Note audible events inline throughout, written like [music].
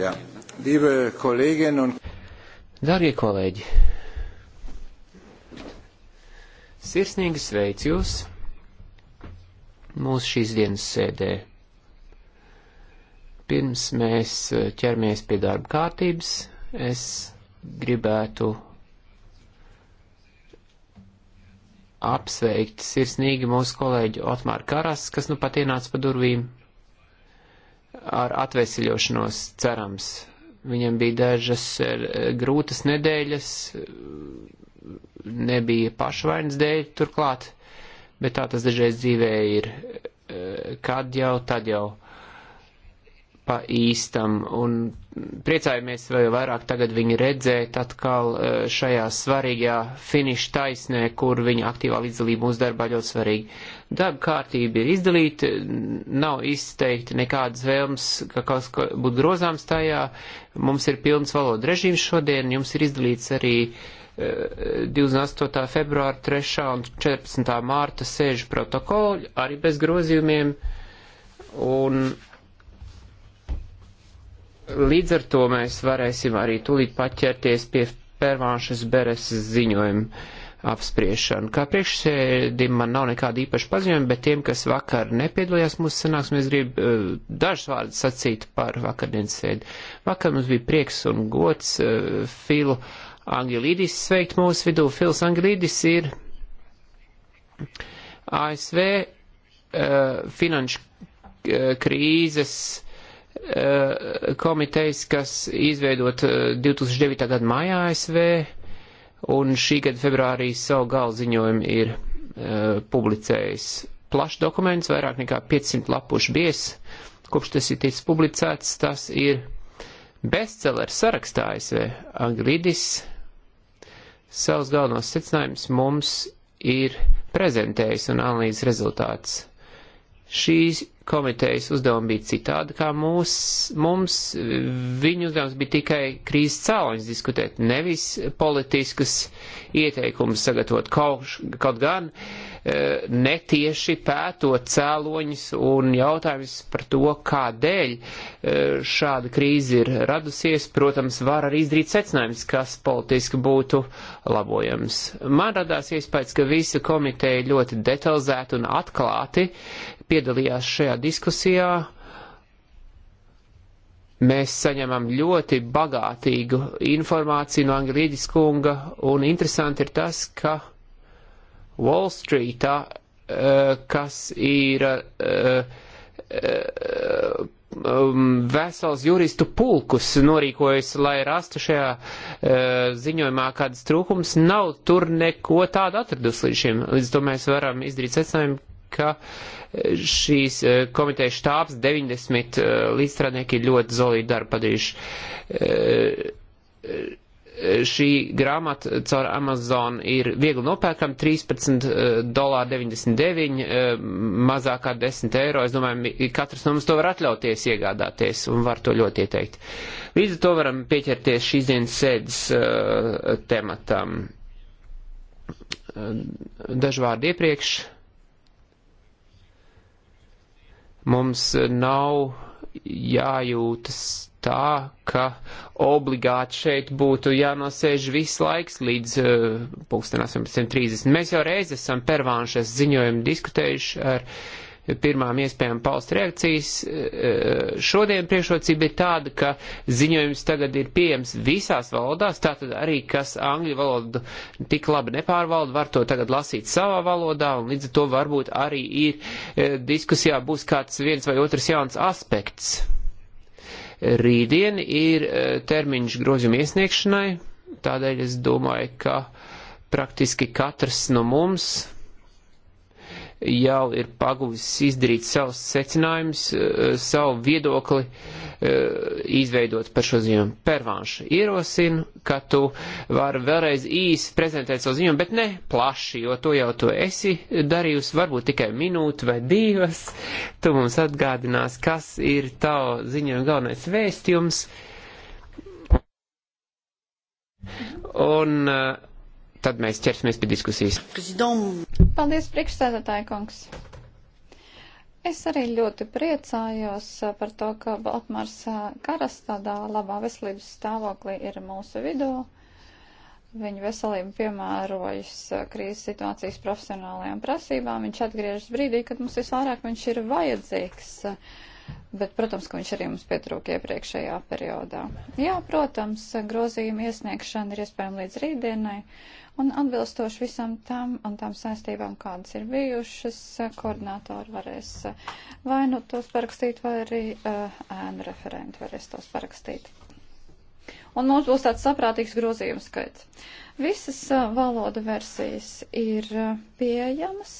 Jā. Divi kolēģieni un. Dārgie kolēģi, sirsnīgi sveicu jūs mūsu šīs dienas sēdē. Pirms mēs eh, ķermies pie darba kārtības, es gribētu apsveikt sirsnīgi mūsu kolēģi Otmāru Karas, kas nu pat ienāca pa durvīm ar atvesļošanos cerams. Viņam bija dažas eh, grūtas nedēļas, nebija pašvainas dēļ turklāt, bet tā tas dažreiz dzīvē ir. Eh, kad jau, tad jau pa īstam. Un priecājamies vēl vairāk tagad viņu redzēt atkal e, šajā svarīgajā finiša taisnē, kur viņa aktīvā līdzdalība mūsu darbā ļoti svarīga. Darba kārtība ir izdalīta, nav izteikti nekādas vēlmes, ka kaut kas būtu grozāms tajā. Mums ir pilns valoda režīms šodien, jums ir izdalīts arī 28. E, februāra, 3. un 14. mārta sēžu protokoli, arī bez grozījumiem. Un Līdz ar to mēs varēsim arī tūlīt paķerties pie Pervānšas Beres ziņojuma apspriešanu. Kā priekšsēdim man nav nekāda īpaša paziņojuma, bet tiem, kas vakar nepiedalījās mūsu sanāksmēs, grib uh, eh, dažus vārdus sacīt par vakardienas sēdi. Vakar mums bija prieks un gods uh, Filu Angelīdis sveikt mūsu vidū. Fils Angelīdis ir ASV uh, eh, finanšu krīzes komitejas, kas izveidot 2009. Eh, gada mājā ASV, un šī gada februārī savu galziņojumu ir eh, publicējis. Plašs dokuments, vairāk nekā 500 lapušu bies, kopš tas ir ticis publicēts, tas ir bestseller sarakstā ASV. Anglidis savus galvenos secinājumus mums ir prezentējis un analīzes rezultāts. Šīs komitejas uzdevumi bija citādi, kā mūs, mums. Viņu uzdevums bija tikai krīzes cēloņus diskutēt, nevis politiskas ieteikumus sagatavot kaut, kaut gan. Uh, Eh, netieši pētot cēloņus un jautājums par to, kādēļ eh, šāda krīze ir radusies, protams, var arī izdarīt secinājums, kas politiski būtu labojams. Man radās iespējas, ka visa komiteja ļoti detalizēti un atklāti piedalījās šajā diskusijā. Mēs saņemam ļoti bagātīgu informāciju no Angelīdis kunga, un interesanti ir tas, ka uh, Wall Streetā, eh, kas ir eh, eh, um, vesels juristu pulkus norīkojas, lai rastu šajā e, ziņojumā kādas trūkums, nav tur neko tādu atradus līdz šim. Līdz to mēs varam izdarīt secinājumu, ka šīs e, komitejas štābs 90 e, līdzstrādnieki ļoti zolīdu darbu padarījuši. E, e, šī grāmata caur Amazon ir viegli nopērkama 13,99 mazāk kā 10 eiro. Es domāju, katrs no mums to var atļauties iegādāties un var to ļoti ieteikt. Līdz ar to varam pieķerties šīs dienas sēdes uh, tematam. Eh, Dažu vārdu iepriekš. Mums eh, nav jājūtas tā, ka obligāti šeit būtu jānosēž viss laiks līdz uh, eh, 18.30. Mēs jau reiz esam pervānšas ziņojumu diskutējuši ar pirmām iespējām paust reakcijas. Uh, šodien priekšrocība ir tāda, ka ziņojums tagad ir pieejams visās valodās, tātad arī, kas angļu valodu tik labi nepārvalda, var to tagad lasīt savā valodā, un līdz ar to varbūt arī ir uh, diskusijā būs kāds viens vai otrs jauns aspekts Rītdien ir e, termiņš grozījuma iesniegšanai, tādēļ es domāju, ka praktiski katrs no mums jau ir paguvis izdarīt savus secinājumus, eh, savu viedokli eh, izveidot par šo ziņojumu. Pervānša ierosina, ka tu vari vēlreiz īsi prezentēt savu ziņojumu, bet ne plaši, jo to jau tu esi darījusi, varbūt tikai minūti vai divas. Tu mums atgādinās, kas ir tavu ziņojumu galvenais vēstījums. Un uh, tad mēs ķersimies pie diskusijas. Paldies, priekšsēdētāji kungs! Es arī ļoti priecājos par to, ka Baltmārs Karas tādā labā veselības stāvoklī ir mūsu vidū. Viņa veselība piemērojas krīzes situācijas profesionālajām prasībām. Viņš atgriežas brīdī, kad mums visvairāk viņš ir vajadzīgs. Bet, protams, ka viņš arī mums pietrūka iepriekšējā periodā. Jā, protams, grozījuma iesniegšana ir iespējama līdz rītdienai, Un atbilstoši visam tam un tām saistībām, kādas ir bijušas, koordinātori varēs eh, vai nu tos parakstīt, vai arī eh, ēnu uh, referenti varēs tos parakstīt. Un mums būs tāds saprātīgs grozījums skaits. Visas uh, valoda versijas ir uh, pieejamas.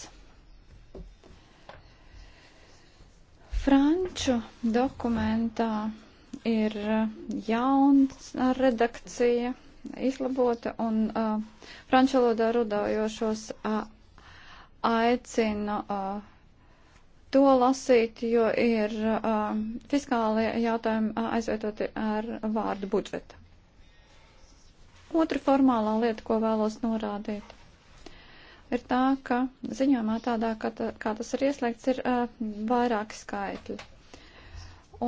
Franču dokumentā ir uh, jauns redakcija izlabota un uh, franču valodā rudājošos uh, aicinu uh, to lasīt, jo ir uh, fiskālie jautājumi uh, aizvietoti ar vārdu budžeta. Otra formālā lieta, ko vēlos norādīt, ir tā, ka ziņojumā tādā, kā, ta, kā tas ir ieslēgts, ir uh, vairāki skaitļi.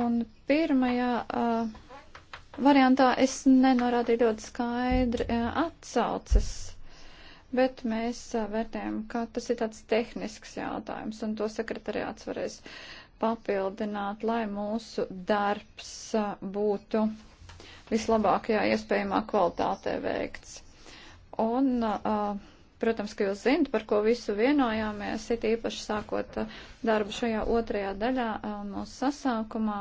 Un pirmajā uh, variantā es nenorādīju ļoti skaidri eh, atsaucas, bet mēs eh, vērtējam, ka tas ir tāds tehnisks jautājums, un to sekretariāts varēs papildināt, lai mūsu darbs eh, būtu vislabākajā iespējamā kvalitātē veikts. Un, protams, ka jūs zinat, par ko visu vienojāmies, it īpaši sākot darbu šajā otrajā daļā mūsu sasākumā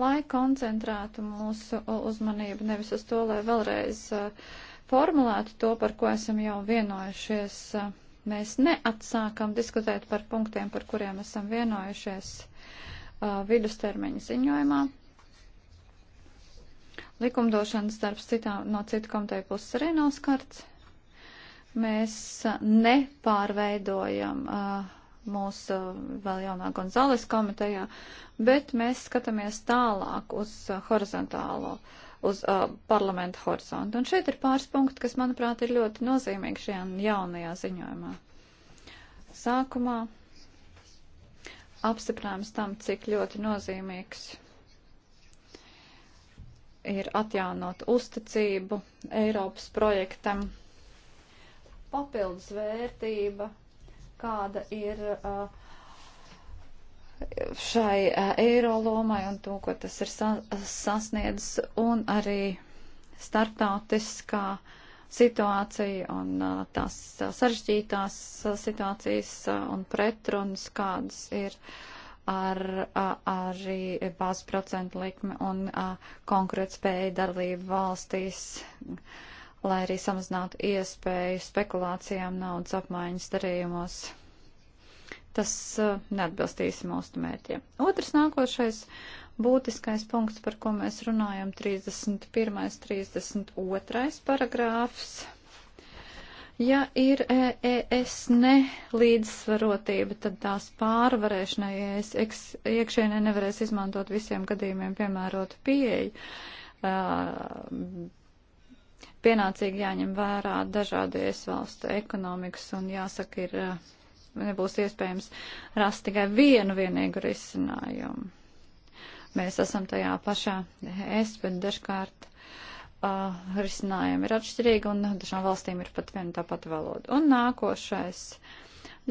lai koncentrētu mūsu uzmanību nevis uz to, lai vēlreiz eh, formulētu to, par ko esam jau vienojušies. Mēs neatsākam diskutēt par punktiem, par kuriem esam vienojušies eh, vidustermiņa ziņojumā. Likumdošanas darbs citā, no citu komiteju puses arī nav skarts. Mēs eh, nepārveidojam uh, mūsu uh, vēl jaunā Gonzales komitejā, bet mēs skatāmies tālāk uz uh, horizontālo, uz uh, parlamentu horizontu. Un šeit ir pāris punkti, kas, manuprāt, ir ļoti nozīmīgi šajā jaunajā ziņojumā. Sākumā apstiprinājums tam, cik ļoti nozīmīgs ir atjaunot uzticību Eiropas projektam, papildus vērtība kāda ir uh, šai uh, eiro lomai un to, ko tas ir sasniedzis, un arī starptautiskā situācija un uh, tās sarežģītās situācijas un pretrunas, kādas ir ar arī bāzprocentu likme un konkrētspēja darlība valstīs. Uh, lai arī samazinātu iespēju spekulācijām naudas apmaiņas darījumos. Tas uh, neatbilstīs mūsu mērķiem. Otrs nākošais būtiskais punkts, par ko mēs runājam, 31. 32. paragrāfs. Ja ir EES e, nelīdzsvarotība, tad tās pārvarēšanai EES iekšienē nevarēs izmantot visiem gadījumiem piemērotu pieeju. Uh, pienācīgi jāņem vērā dažādies valstu ekonomikas un jāsaka, ir eh, nebūs iespējams rast tikai vienu vienīgu risinājumu. Mēs esam tajā pašā es, bet dažkārt uh, risinājumi ir atšķirīgi un dažām valstīm ir pat viena tā pati valoda. Un nākošais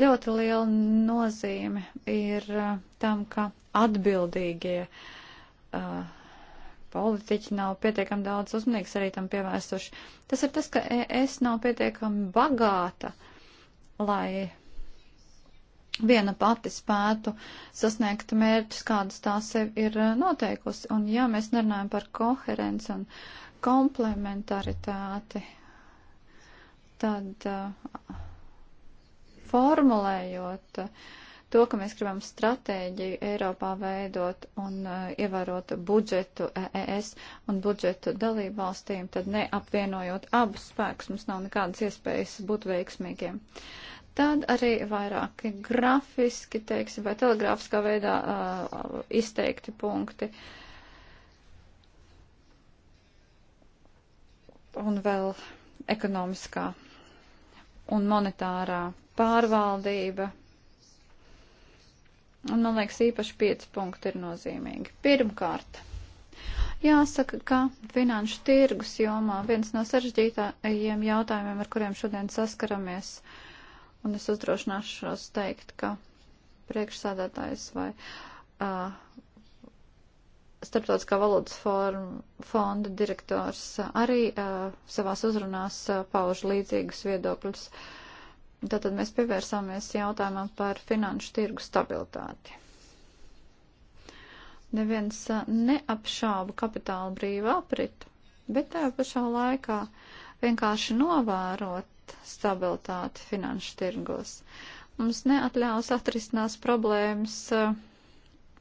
ļoti liela nozīme ir uh, tam, ka atbildīgie uh, politiķi nav pietiekami daudz uzmanīgs arī tam pievērstuši. Tas ir tas, ka es nav pietiekami bagāta, lai viena pati spētu sasniegt mērķus, kādus tā sev ir eh, noteikusi. Un ja mēs nerunājam par koherenci un komplementaritāti, tad uh, formulējot uh, to, ka mēs gribam stratēģiju Eiropā veidot un uh, ievērot budžetu ES eh, e un budžetu dalību valstīm, tad neapvienojot abus spēkus mums nav nekādas iespējas būt veiksmīgiem. Tad arī vairāki grafiski, teiksim, vai telegrāfiskā veidā uh, izteikti punkti. Un vēl ekonomiskā un monetārā pārvaldība, Un man liekas, īpaši pieci punkti ir nozīmīgi. Pirmkārt, jāsaka, ka finanšu tirgus jomā viens no sarežģītākajiem jautājumiem, ar kuriem šodien saskaramies, un es uzdrošināšos teikt, ka priekšsādātājs vai uh, Starptautiskā valodas forma, fonda direktors arī uh, savās uzrunās uh, pauž līdzīgus viedokļus. Uh, Tātad mēs pievērsāmies jautājumam par finanšu tirgu stabilitāti. Neviens neapšāba kapitāla brīvu apritu, bet tajā pašā laikā vienkārši novērot stabilitāti finanšu tirgos. Mums neatļaus atrisinās problēmas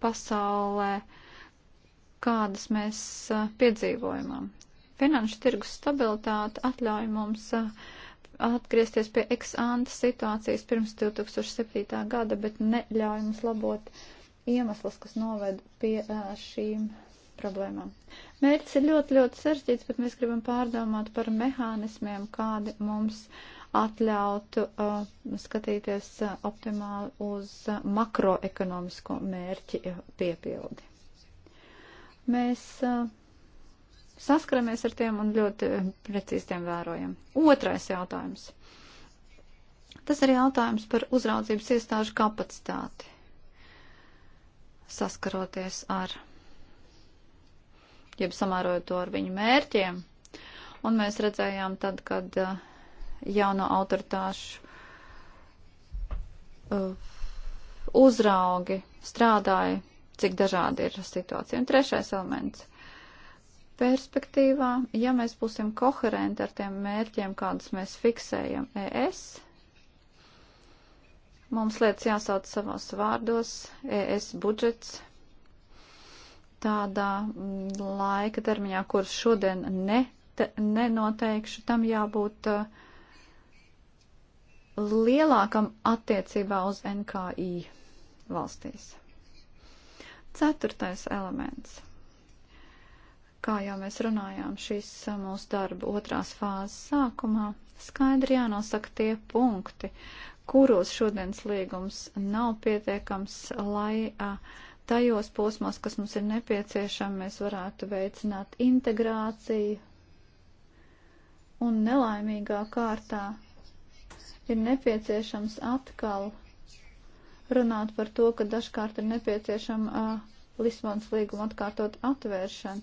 pasaulē, kādas mēs piedzīvojam. Finanšu tirgus stabilitāte atļauj mums uh, atgriezties pie ex-ante situācijas pirms 2007. gada, bet neļauj mums labot iemeslus, kas noved pie šīm problēmām. Mērķis ir ļoti, ļoti sarežģīts, bet mēs gribam pārdomāt par mehānismiem, kādi mums atļautu uh, skatīties uh, optimāli uz uh, makroekonomisko mērķi piepildi. Mēs uh, saskaramies ar tiem un ļoti precīzi tiem vērojam. Otrais jautājums. Tas ir jautājums par uzraudzības iestāžu kapacitāti saskaroties ar, jeb samērojot to ar viņu mērķiem. Un mēs redzējām tad, kad eh, jauno autoritāšu eh, uzraugi strādāja, cik dažādi ir situācija. Un trešais elements perspektīvā, ja mēs būsim koherenti ar tiem mērķiem, kādus mēs fiksējam ES, mums lietas jāsauc savos vārdos, ES budžets tādā mm, laika termiņā, kurus šodien ne, te, nenoteikšu, tam jābūt uh, lielākam attiecībā uz NKI valstīs. Ceturtais elements Kā jau mēs runājām, šīs mūsu darba otrās fāzes sākumā skaidri jānosaka tie punkti, kuros šodienas līgums nav pietiekams, lai tajos posmos, kas mums ir nepieciešami, mēs varētu veicināt integrāciju un nelaimīgā kārtā ir nepieciešams atkal runāt par to, ka dažkārt ir nepieciešama uh, Lisbonas līguma atkārtot atvēršana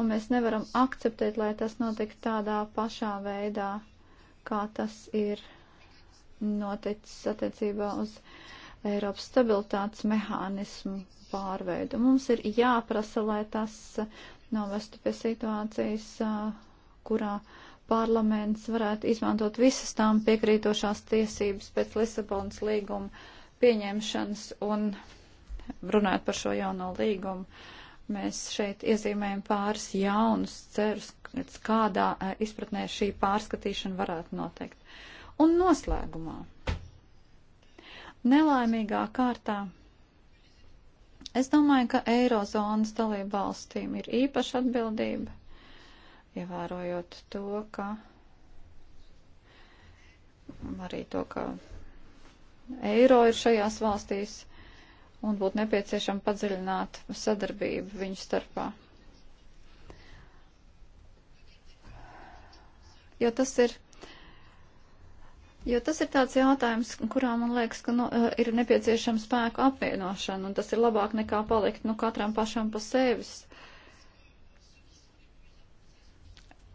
un mēs nevaram akceptēt, lai tas notiek tādā pašā veidā, kā tas ir noticis attiecībā uz Eiropas stabilitātes mehānismu pārveidu. Mums ir jāprasa, lai tas novestu pie situācijas, kurā parlaments varētu izmantot visas tām piekrītošās tiesības pēc Lisabonas līguma pieņemšanas un runāt par šo jauno līgumu. Uh, Mēs šeit iezīmējam pāris jaunus cerus, kādā e, izpratnē šī pārskatīšana varētu noteikt. Un noslēgumā. Nelaimīgā kārtā es domāju, ka Eirozonas dalību valstīm ir īpaša atbildība, ievērojot to, ka arī to, ka eiro ir šajās valstīs un būtu nepieciešama padziļināt sadarbību viņu starpā. Jo tas ir, jo tas ir tāds jautājums, kurā man liekas, ka nu, eh, ir nepieciešama spēku apvienošana, un tas ir labāk nekā palikt nu, katram pašam pa sevis.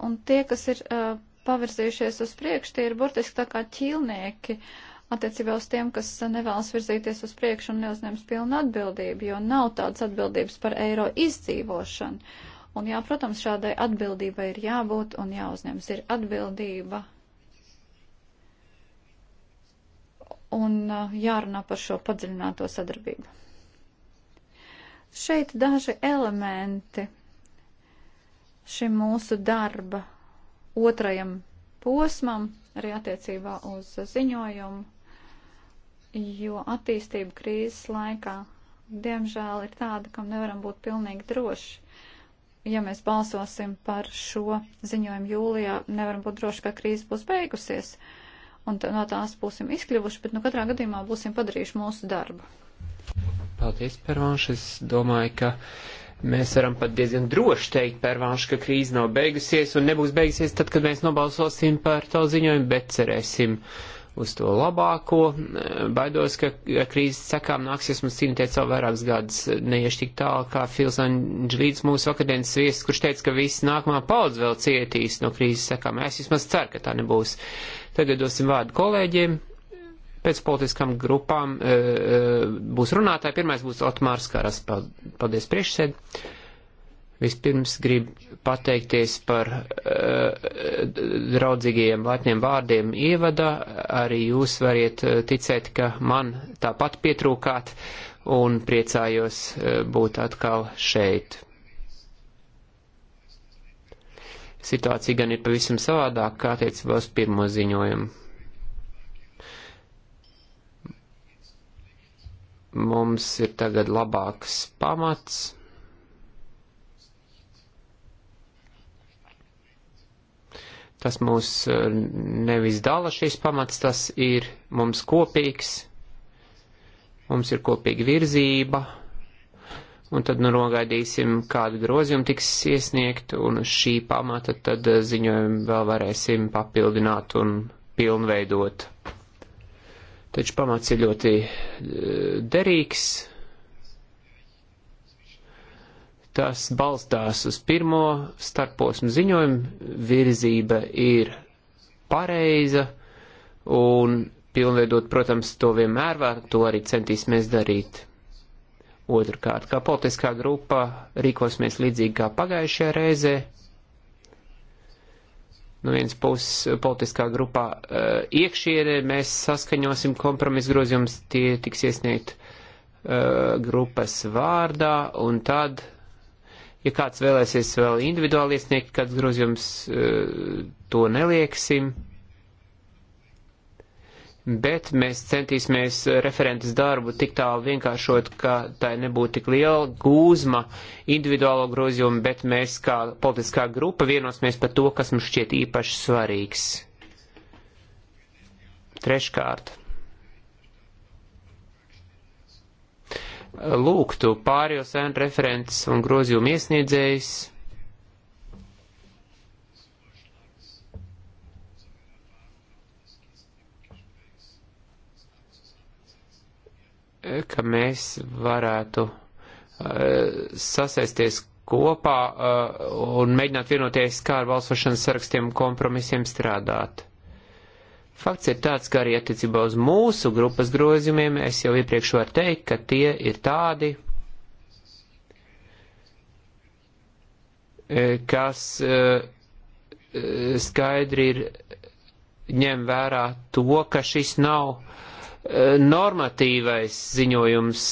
Un tie, kas ir uh, pavirzījušies uz priekšu, tie ir burtiski tā kā ķīlnieki. Uh, attiecībā uz tiem, kas nevēlas virzīties uz priekšu un neuzņems pilnu atbildību, jo nav tādas atbildības par eiro izdzīvošanu. Un jā, protams, šādai atbildībai ir jābūt un jāuzņems ir atbildība. Un uh, jārunā par šo padziļināto sadarbību. Šeit daži elementi šim mūsu darba otrajam posmam, arī attiecībā uz ziņojumu jo attīstība krīzes laikā, diemžēl, ir tāda, kam nevaram būt pilnīgi droši. Ja mēs balsosim par šo ziņojumu jūlijā, nevaram būt droši, ka krīze būs beigusies, un no tās būsim izkļuvuši, bet nu katrā gadījumā būsim padarījuši mūsu darbu. Paldies, Pervānš. Es domāju, ka mēs varam pat diezgan droši teikt, Pervānš, ka krīze nav beigusies un nebūs beigusies tad, kad mēs nobalsosim par to ziņojumu, bet cerēsim. Uh, uz to labāko. Baidos, ka krīzes sekām nāksies mums cīnīties vēl vairākus gadus, neieši tik tālu kā Fils Anģelīds mūsu akadēmijas viesis, kurš teica, ka viss nākamā paudze vēl cietīs no krīzes sekām. Es vismaz ceru, ka tā nebūs. Tagad dosim vārdu kolēģiem. Pēc politiskām grupām e, e, būs runātāji. Pirmais būs Otmārs Karas. Paldies priekšsēdē. Vispirms gribu pateikties par uh, eh, draudzīgiem laipniem vārdiem ievada. Arī jūs variet eh, ticēt, ka man tāpat pietrūkāt un priecājos uh, būt atkal šeit. Situācija gan ir pavisam savādāk, kā attiecībā uz pirmo ziņojumu. Mums ir tagad labāks pamats Tas mūs e, nevis dala šīs pamats, tas ir mums kopīgs, mums ir kopīga virzība, un tad nu nogaidīsim, kādu grozījumu tiks iesniegt, un uz šī pamata tad e, ziņojumu vēl varēsim papildināt un pilnveidot. Taču pamats ir ļoti e, derīgs, Tas balstās uz pirmo starposmu ziņojumu, virzība ir pareiza un pilnveidot, protams, to vienmēr var, to arī centīsimies darīt. Otrkārt, kā politiskā grupa rīkosimies līdzīgi kā pagājušajā reizē. No nu, vienas puses politiskā grupā eh, iekšienē mēs saskaņosim kompromisu grozījumus, tie tiks iesniegt eh, grupas vārdā, un tad Ja kāds vēlēsies vēl individuāli iesniegt, kad grozījums e, to nelieksim, bet mēs centīsimies referentes darbu tik tālu vienkāršot, ka tai nebūtu tik liela gūzma individuālo grozījumu, bet mēs kā politiskā grupa vienosimies par to, kas mums šķiet īpaši svarīgs. Treškārt. lūgtu pārējo sēnu referents un grozījumu iesniedzējs ka mēs varētu uh, eh, sasēsties kopā uh, un mēģināt vienoties, kā ar balsošanas sarakstiem kompromisiem strādāt. Fakts ir tāds, ka arī attiecībā uz mūsu grupas grozījumiem es jau iepriekš varu teikt, ka tie ir tādi, eh, kas eh, eh, skaidri ir ņem vērā to, ka šis nav normatīvais ziņojums.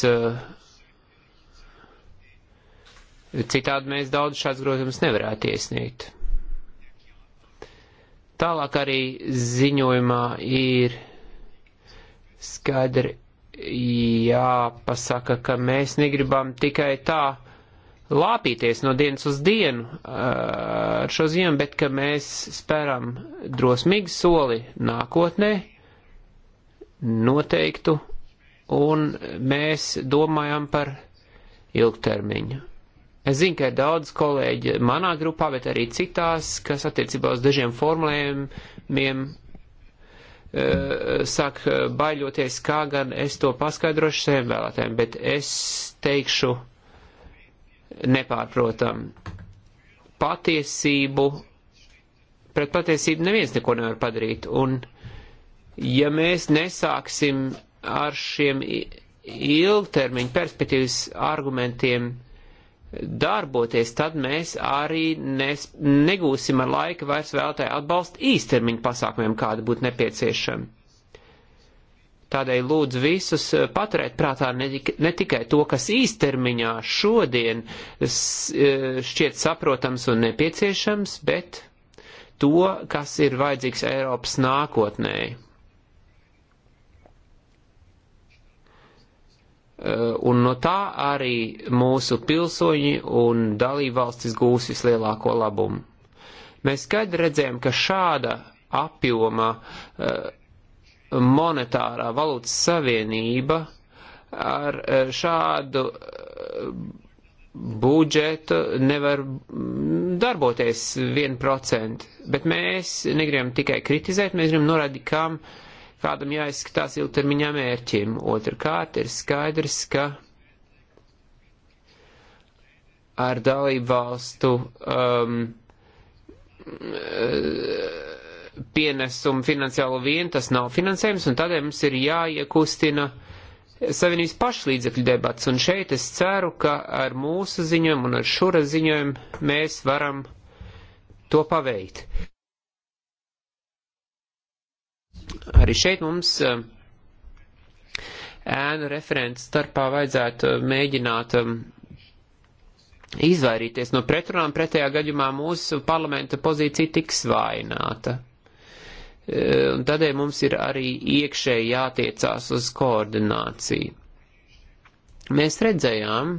Citādi mēs daudz šāds grozījums nevarētu iesniegt. Tālāk arī ziņojumā ir skaidri jāpasaka, ka mēs negribam tikai tā lāpīties no dienas uz dienu ar šo ziņu, bet ka mēs speram drosmīgu soli nākotnē, noteiktu, un mēs domājam par ilgtermiņu. Es zinu, ka ir daudz kolēģi manā grupā, bet arī citās, kas attiecībā uz dažiem formulējumiem eh, sāk eh, baļoties, kā gan es to paskaidrošu saviem vēlētājiem, bet es teikšu nepārprotam. Patiesību, pret patiesību neviens neko nevar padarīt, un ja mēs nesāksim ar šiem ilgtermiņu perspektīvas argumentiem, darboties, tad mēs arī nes, negūsim ar laika vairs vēlētāju atbalstu īstermiņu pasākumiem, kāda būtu nepieciešama. Tādēļ lūdzu visus eh, paturēt prātā ne, ne tikai to, kas īstermiņā šodien eh, šķiet saprotams un nepieciešams, bet to, kas ir vajadzīgs Eiropas nākotnēji. Eh, un no tā arī mūsu pilsoņi un dalībvalstis gūs vislielāko labumu. Mēs skaidri redzējām, ka šāda apjoma eh, monetārā valūtas savienība ar eh, šādu budžetu nevar mm, darboties 1%, bet mēs negribam tikai kritizēt, mēs gribam norādīt, kam uh, kādam jāizskatās ilgtermiņā mērķim. Otrkārt ir skaidrs, ka ar dalību valstu um, pienesumu finansiālo vienu tas nav finansējums, un tādēļ mums ir jāiekustina Savienības pašlīdzekļu debats, un šeit es ceru, ka ar mūsu ziņojumu un ar šura ziņojumu mēs varam to paveikt. Arī šeit mums eh, ēnu referents starpā vajadzētu mēģināt eh, izvairīties no pretrunām, pretējā gadījumā mūsu parlamenta pozīcija tiks vaināta. Eh, un tādēļ mums ir arī iekšēji jātiecās uz koordināciju. Mēs redzējām,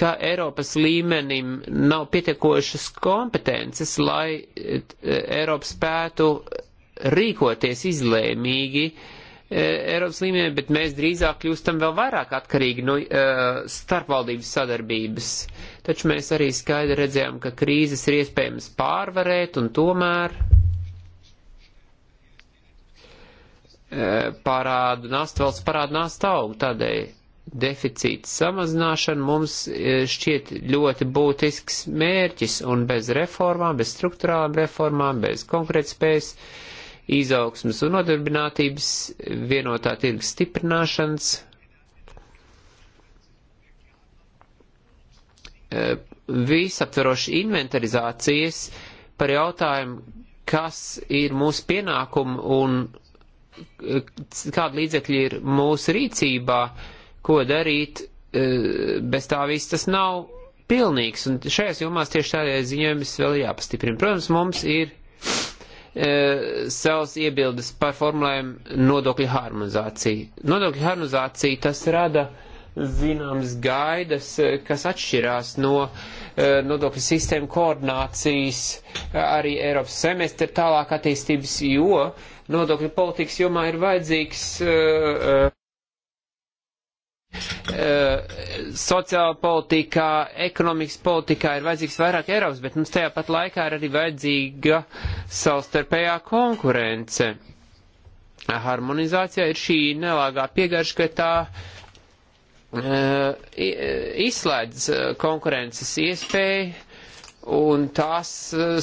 ka Eiropas līmenim nav pietiekošas kompetences, lai Eiropa spētu rīkoties izlēmīgi e, Eiropas līmenī, bet mēs drīzāk kļūstam vēl vairāk atkarīgi no e, starpvaldības sadarbības. Taču mēs arī skaidri redzējām, ka krīzes ir iespējams pārvarēt un tomēr e, parādu nast, valsts parādu nast aug tādēļ deficīta samazināšana mums šķiet ļoti būtisks mērķis, un bez reformām, bez struktūrālām reformām, bez konkrētspējas izaugsmas un nodarbinātības, vienotā tirgus stiprināšanas, e, visaptveroši inventarizācijas par jautājumu, kas ir mūsu pienākumi un e, kādi līdzekļi ir mūsu rīcībā, ko darīt, e, bez tā viss tas nav pilnīgs. Un šajās jomās tieši tādēļ ziņojums vēl ir jāpastiprina. Protams, mums ir E, savas iebildes par formulējumu nodokļu harmonizāciju. Nodokļu harmonizācija tas rada zināmas gaidas, e, kas atšķirās no e, nodokļu sistēmu koordinācijas, arī Eiropas semestra tālāk attīstības, jo nodokļu politikas jomā ir vajadzīgs Eh, sociāla politikā, ekonomikas politikā ir vajadzīgs vairāk Eiropas, bet mums tajā pat laikā ir arī vajadzīga savstarpējā konkurence. Harmonizācijā ir šī nelāgā piegarša, ka tā eh, izslēdz eh, konkurences iespēju, un tās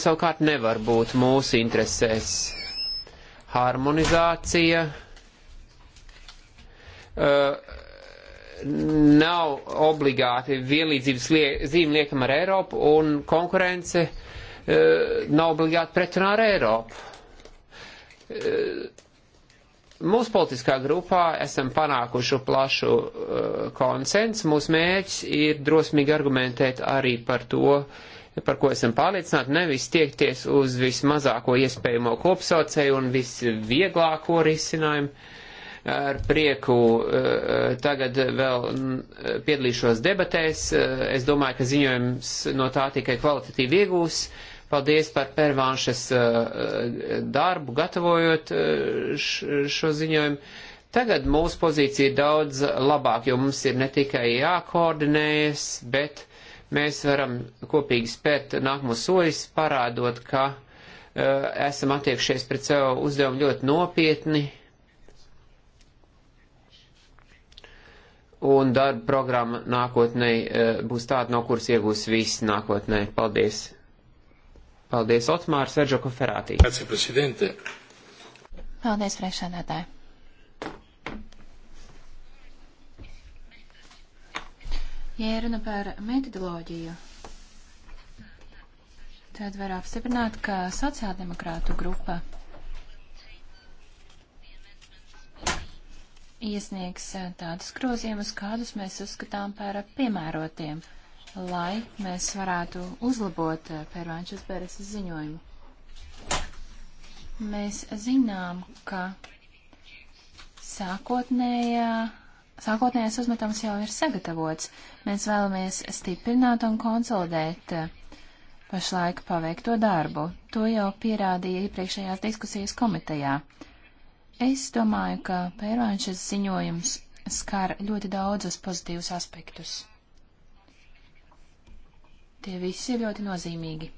savukārt nevar būt mūsu interesēs. Harmonizācija. Uh, nav obligāti vienlīdzības zīme liekam ar Eiropu un konkurence e, nav obligāti pretrunā ar Eiropu. E, mūsu politiskā grupā esam panākuši plašu e, konsensu. Mūsu mērķis ir drosmīgi argumentēt arī par to, par ko esam pārliecināti, nevis tiekties uz vismazāko iespējamo kopsaucēju un visvieglāko risinājumu Ar prieku eh, eh, tagad vēl mm, eh, piedalīšos debatēs. Es domāju, ka ziņojums no tā tikai kvalitatīvi iegūs. Paldies par pervānšas darbu, gatavojot šo ziņojumu. Tagad mūsu pozīcija ir daudz labāka, jo mums ir ne tikai jākoordinējas, bet mēs varam kopīgi spērt nākamos soļus, parādot, ka uh, esam attiekšies pret sev uzdevumu ļoti nopietni, uh, un darba programma nākotnē eh, būs tāda, no kuras iegūs visi nākotnē. Paldies! Paldies, Otmāra Sergio Koferātī. Paldies, priekšsēdētāji. Ja runa par metodoloģiju, tad var apstiprināt, ka sociāldemokrātu grupa iesniegs eh, tādus grozījumus, kādus mēs uzskatām par piemērotiem, lai mēs varētu uzlabot eh, Pērvāņšas Beres ziņojumu. Mēs zinām, ka sākotnējā Sākotnējais uzmetums jau ir sagatavots. Mēs vēlamies stiprināt un konsolidēt eh, pašlaik paveikto darbu. To jau pierādīja iepriekšējās diskusijas komitejā. Es domāju, ka Pērvāņšas ziņojums skar ļoti daudzus pozitīvus aspektus. Tie visi ir ļoti nozīmīgi.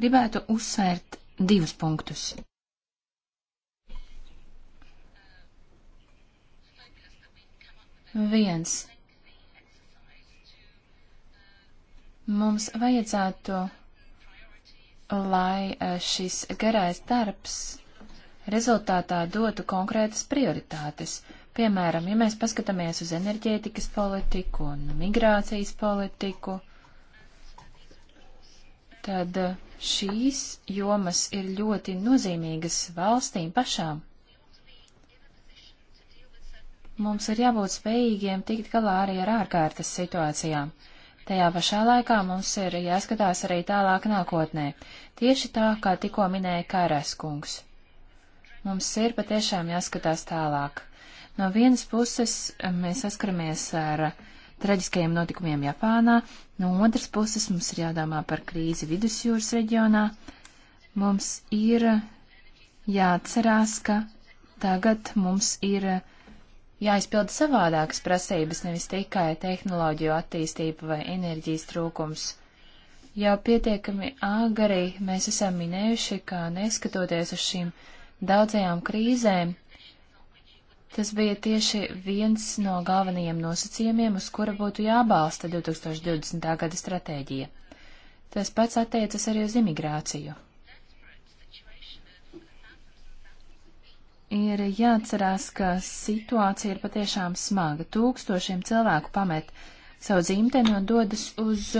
Gribētu uzsvērt divus punktus. Viens. Mums vajadzētu lai e, šis garais darbs rezultātā dotu konkrētas prioritātes. Piemēram, ja mēs paskatāmies uz enerģētikas politiku un migrācijas politiku, tad e, šīs jomas ir ļoti nozīmīgas valstīm pašām. Mums ir jābūt spējīgiem tikt galā arī ar ārkārtas situācijām. Tajā pašā laikā mums ir jāskatās arī tālāk nākotnē, tieši tā, kā tikko minēja Kāras kungs. Mums ir patiešām jāskatās tālāk. No vienas puses eh, mēs saskaramies ar traģiskajiem notikumiem Japānā, no otras puses mums ir jādomā par krīzi vidusjūras reģionā. Mums ir jāatcerās, ka tagad mums ir jāizpilda savādākas prasības, nevis tikai tehnoloģiju attīstība vai enerģijas trūkums. Jau pietiekami āgari mēs esam minējuši, ka neskatoties uz šīm daudzajām krīzēm, tas bija tieši viens no galvenajiem nosacījumiem, uz kura būtu jābalsta 2020. gada stratēģija. Tas pats attiecas arī uz imigrāciju. ir jāatcerās, ka situācija ir patiešām smaga. Tūkstošiem cilvēku pamet savu dzimteni un dodas uz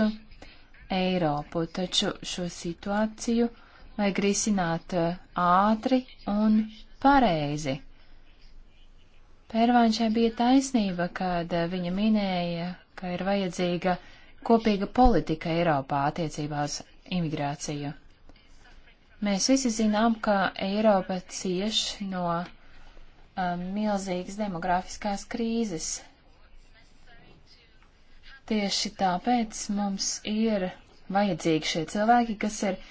Eiropu, taču šo situāciju vajag risināt uh, ātri un pareizi. Pērvāņšai bija taisnība, kad uh, viņa minēja, ka ir vajadzīga kopīga politika Eiropā attiecībā uz imigrāciju. Mēs visi zinām, ka Eiropa cieš no um, milzīgas demografiskās krīzes. Tieši tāpēc mums ir vajadzīgi šie cilvēki, kas ir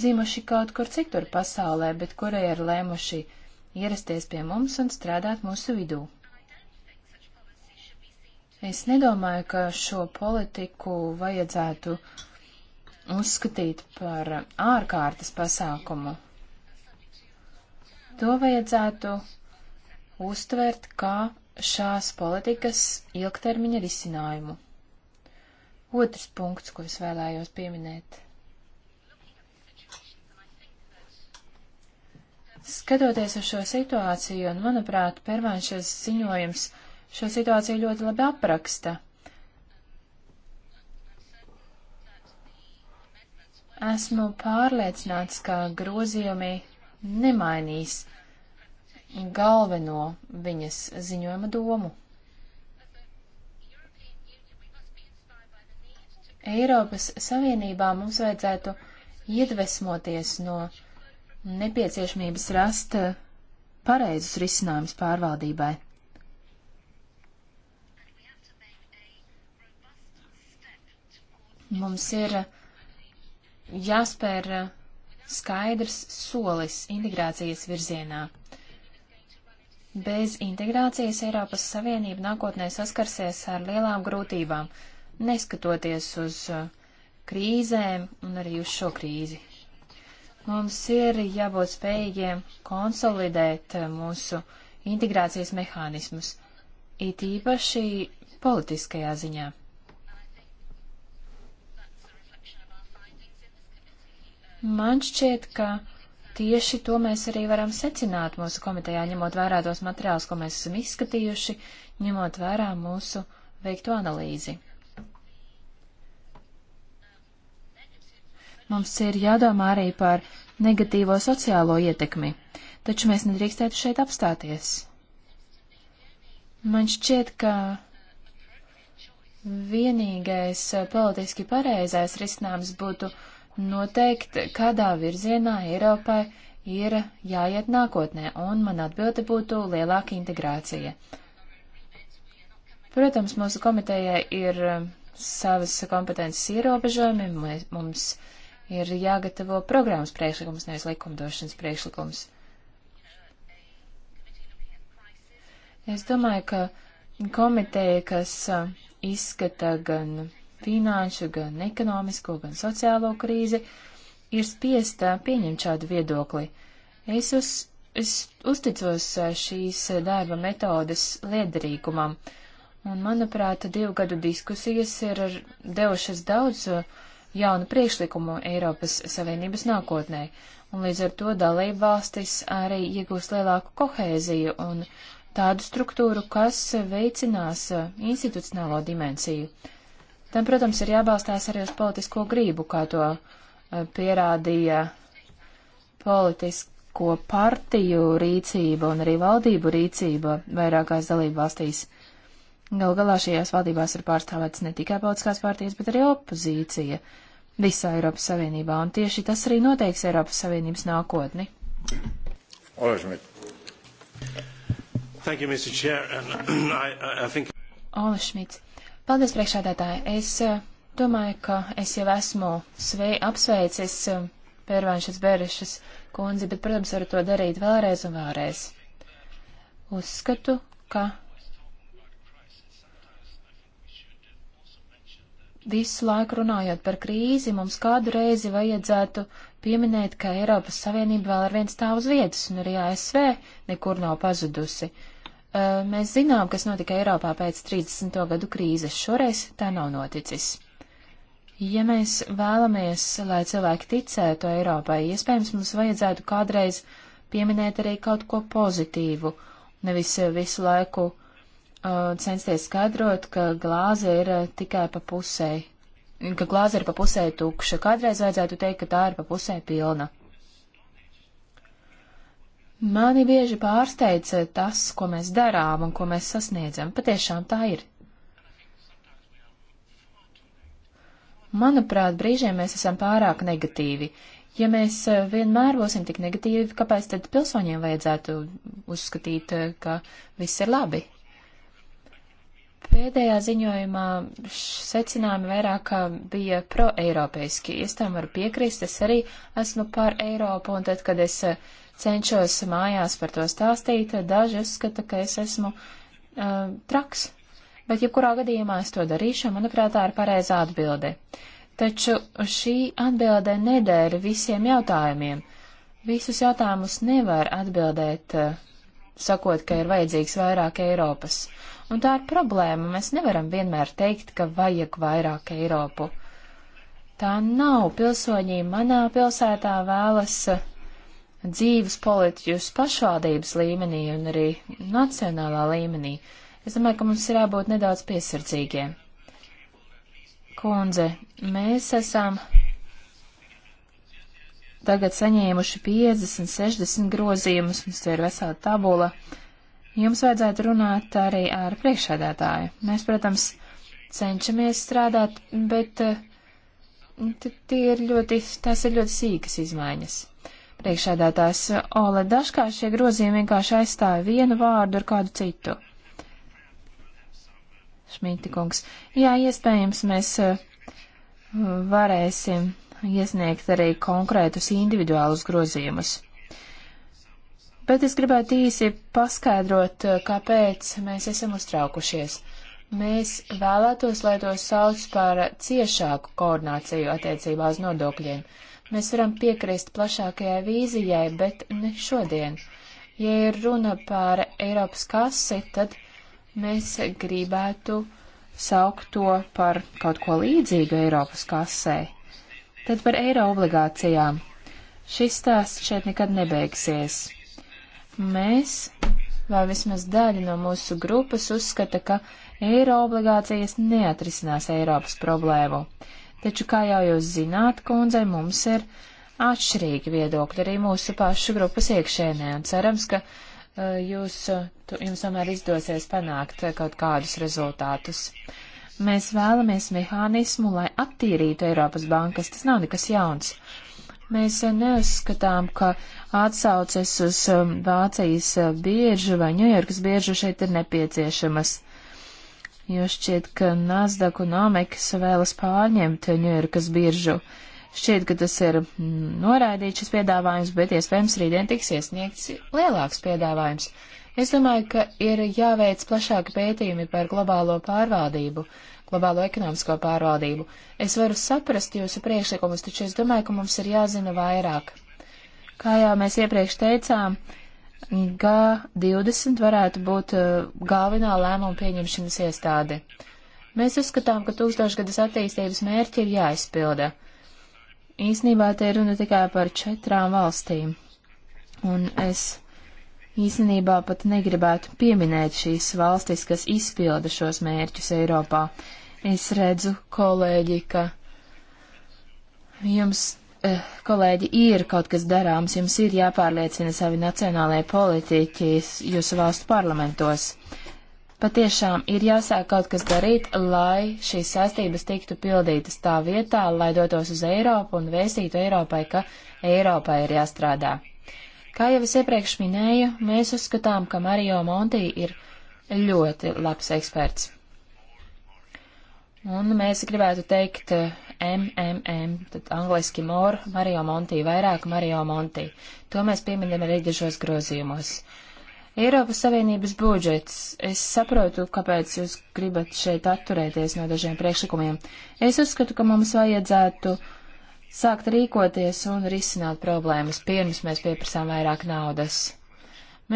dzimuši kaut kur citur pasaulē, bet kuri ir lēmuši ierasties pie mums un strādāt mūsu vidū. Es nedomāju, ka šo politiku vajadzētu uh, uzskatīt par ārkārtas pasākumu. To vajadzētu uztvert kā šās politikas ilgtermiņa risinājumu. Otrs punkts, ko es vēlējos pieminēt. Skatoties uz šo situāciju, un manuprāt, pervāņšas ziņojums šo situāciju ļoti labi apraksta. Esmu pārliecināts, ka grozījumi nemainīs galveno viņas ziņojuma domu. Eiropas Savienībā mums vajadzētu iedvesmoties no nepieciešamības rast pareizus risinājumus pārvaldībai. Mums ir jāspēr eh, skaidrs solis integrācijas virzienā. Bez integrācijas Eiropas Savienība nākotnē saskarsies ar lielām grūtībām, neskatoties uz eh, krīzēm un arī uz šo krīzi. Mums ir jābūt spējīgiem konsolidēt eh, mūsu integrācijas mehānismus, it īpaši politiskajā ziņā. Man šķiet, ka tieši to mēs arī varam secināt mūsu komitejā, ņemot vērā tos materiālus, ko mēs esam izskatījuši, ņemot vērā mūsu veikto analīzi. Mums ir jādomā arī par negatīvo sociālo ietekmi, taču mēs nedrīkstētu šeit apstāties. Man šķiet, ka vienīgais eh, politiski pareizais risinājums būtu uh, noteikt, kādā virzienā Eiropai ir jāiet nākotnē, un man atbilde būtu lielāka integrācija. Protams, mūsu komitejai ir um, savas kompetences ierobežojumi, mēs, mums ir jāgatavo programmas priekšlikums, nevis likumdošanas priekšlikums. Es domāju, ka komiteja, kas uh, izskata gan finanšu, gan ekonomisko, gan sociālo krīzi, ir spiesta pieņemt šādu viedokli. Es, uz, es uzticos šīs darba metodes liederīgumam, un, manuprāt, divu gadu diskusijas ir devušas daudz jaunu priekšlikumu Eiropas Savienības nākotnē, un līdz ar to dalību valstis arī iegūs lielāku kohēziju un tādu struktūru, kas veicinās institucionālo dimensiju. Tam, protams, ir jābalstās arī uz politisko grību, kā to eh, pierādīja politisko partiju rīcība un arī valdību rīcība vairākās dalību valstīs. Gal galā šajās valdībās ir pārstāvēts ne tikai politiskās partijas, bet arī opozīcija visā Eiropas Savienībā, un tieši tas arī noteiks Eiropas Savienības nākotni. Ole, Thank you, Mr. Chair, and [clears throat] I, I think... Ole Šmits. Paldies, priekšādātāji. Es eh, domāju, ka es jau esmu svei apsveicis eh, Pērvāņšas Bērešas kundzi, bet, protams, varu to darīt vēlreiz un vēlreiz. Uzskatu, ka visu laiku runājot par krīzi, mums kādu reizi vajadzētu pieminēt, ka Eiropas Savienība vēl ar vien stāv uz vietas un arī ASV nekur nav pazudusi. Eh, mēs zinām, kas notika Eiropā pēc 30. gadu krīzes. Šoreiz tā nav noticis. Ja mēs vēlamies, lai cilvēki ticētu Eiropai, iespējams, mums vajadzētu kādreiz pieminēt arī kaut ko pozitīvu, nevis visu laiku uh, censties skaidrot, ka glāze ir eh, tikai pa pusē, ka glāze ir pa pusē tukša. Kādreiz vajadzētu teikt, ka tā ir pa pusē pilna. Mani bieži pārsteidz eh, tas, ko mēs darām un ko mēs sasniedzam. Patiešām tā ir. Manuprāt, brīžiem mēs esam pārāk negatīvi. Ja mēs eh, vienmēr būsim tik negatīvi, kāpēc tad pilsoņiem vajadzētu uzskatīt, eh, ka viss ir labi? Pēdējā ziņojumā secinājumi vairāk bija pro-eiropeiski. Es tam varu piekrist, es arī esmu par Eiropu, un tad, kad es uh, cenšos mājās par to stāstīt, daži uzskata, ka es esmu uh, traks, bet jebkurā ja gadījumā es to darīšu, manuprāt, tā ir pareizā atbilde. Taču šī atbilde nedēļa visiem jautājumiem. Visus jautājumus nevar atbildēt, uh, sakot, ka ir vajadzīgs vairāk Eiropas. Un tā ir problēma, mēs nevaram vienmēr teikt, ka vajag vairāk Eiropu. Tā nav pilsoņi manā pilsētā vēlas uh, dzīves politiķus pašvaldības līmenī un arī nacionālā līmenī. Es domāju, ka mums ir jābūt nedaudz piesardzīgiem. Kundze, mēs esam tagad saņēmuši 50, 60 grozījumus, mums te ir vesela tabula. Jums vajadzētu runāt arī ar priekšādātāju. Mēs, protams, cenšamies strādāt, bet eh, tie ir ļoti, tās ir ļoti sīkas izmaiņas. Priekšēdētājs Ole, dažkārt šie grozījumi vienkārši aizstāja vienu vārdu ar kādu citu. Šmīti kungs. Jā, iespējams, mēs uh, varēsim iesniegt arī konkrētus individuālus grozījumus. Bet es gribētu īsi paskaidrot, uh, kāpēc mēs esam uztraukušies. Mēs vēlētos, lai to sauc par ciešāku koordināciju attiecībā uz nodokļiem. Uh, Mēs varam piekrist plašākajai vīzijai, bet ne šodien. Ja ir runa par Eiropas kasi, tad mēs gribētu saukt to par kaut ko līdzīgu Eiropas kasē. Tad par eiro obligācijām. Šis stāsts šeit nekad nebeigsies. Mēs, vai vismaz daļa no mūsu grupas, uzskata, ka eiro obligācijas neatrisinās Eiropas problēmu. Taču, kā jau jūs zināt, kundze, mums ir atšķirīgi viedokļi arī mūsu pašu grupas iekšēnē, un cerams, ka uh, jūs, eh, tu, jums tomēr izdosies panākt eh, kaut kādus rezultātus. Mēs vēlamies mehānismu, lai attīrītu Eiropas bankas, tas nav nekas jauns. Mēs neuzskatām, ka atsauces uz Vācijas biežu vai Ņujorkas biežu šeit ir nepieciešamas. Uh, jo šķiet, ka Nasdaq un Omekas vēlas pārņemt Ņujorkas biržu. Šķiet, ka tas ir mm, noraidīts šis piedāvājums, bet iespējams rītdien tiks iesniegts lielāks piedāvājums. Es domāju, ka ir jāveic plašāki pētījumi par globālo pārvaldību, globālo ekonomisko pārvaldību. Es varu saprast jūsu priekšlikumus, taču es domāju, ka mums ir jāzina vairāk. Kā jau mēs iepriekš teicām, uh, G20 varētu būt uh, galvenā lēmuma pieņemšanas iestāde. Mēs uzskatām, ka tūkstošgadas attīstības mērķi ir jāizpilda. Īsnībā te ir runa tikai par četrām valstīm. Un es īsnībā pat negribētu pieminēt šīs valstis, kas izpilda šos mērķus Eiropā. Es redzu, kolēģi, ka jums Eh, kolēģi, ir kaut kas darāms, jums ir jāpārliecina savi nacionālajie politiķi jūsu valstu parlamentos. Patiešām ir jāsāk kaut kas darīt, lai šīs saistības tiktu pildītas tā vietā, lai dotos uz Eiropu un vēstītu Eiropai, ka Eiropai ir jāstrādā. Kā jau es iepriekš minēju, mēs uzskatām, ka Mario Monti ir ļoti labs eksperts. Un mēs gribētu teikt eh, MMM, tad angliski more, Mario Monti, vairāk Mario Monti. To mēs pieminam arī dažos grozījumos. Eiropas Savienības budžets. Es saprotu, kāpēc jūs gribat šeit atturēties no dažiem priekšlikumiem. Es uzskatu, ka mums vajadzētu sākt rīkoties un risināt problēmas, pirms mēs pieprasām vairāk naudas.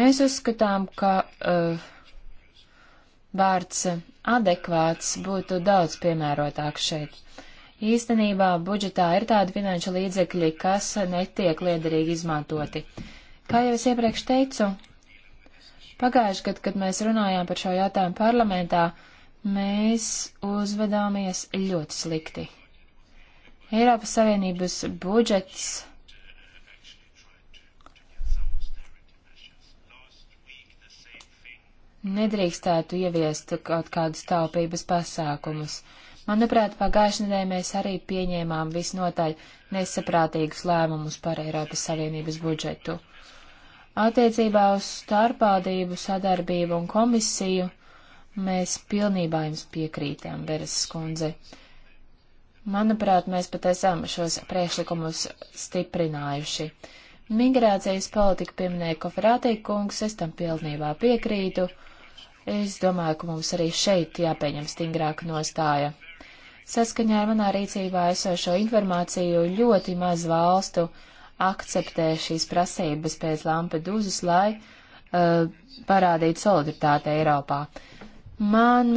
Mēs uzskatām, ka uh, vārds adekvāts būtu daudz piemērotāks šeit. Īstenībā budžetā ir tādi finanšu līdzekļi, kas netiek liederīgi izmantoti. Kā jau es iepriekš teicu, pagājuši gadu, kad mēs runājām par šo jautājumu parlamentā, mēs uzvedāmies ļoti slikti. Eiropas Savienības budžets nedrīkstētu ieviest kaut kādus taupības pasākumus. Manuprāt, pagājušajā nedēļā mēs arī pieņēmām visnotaļ nesaprātīgus lēmumus par Eiropas Savienības budžetu. Attiecībā uz starpvaldību sadarbību un komisiju mēs pilnībā jums piekrītam, Veres skundze. Manuprāt, mēs pat esam šos priekšlikumus stiprinājuši. Migrācijas politika pieminēja Koferātī kungs, es tam pilnībā piekrītu. Es domāju, ka mums arī šeit jāpieņem stingrāka nostāja. Saskaņā ar manā rīcībā esošo informāciju ļoti maz valstu akceptē šīs prasības pēc Lampedūzas, lai uh, parādītu solidaritāti Eiropā. Man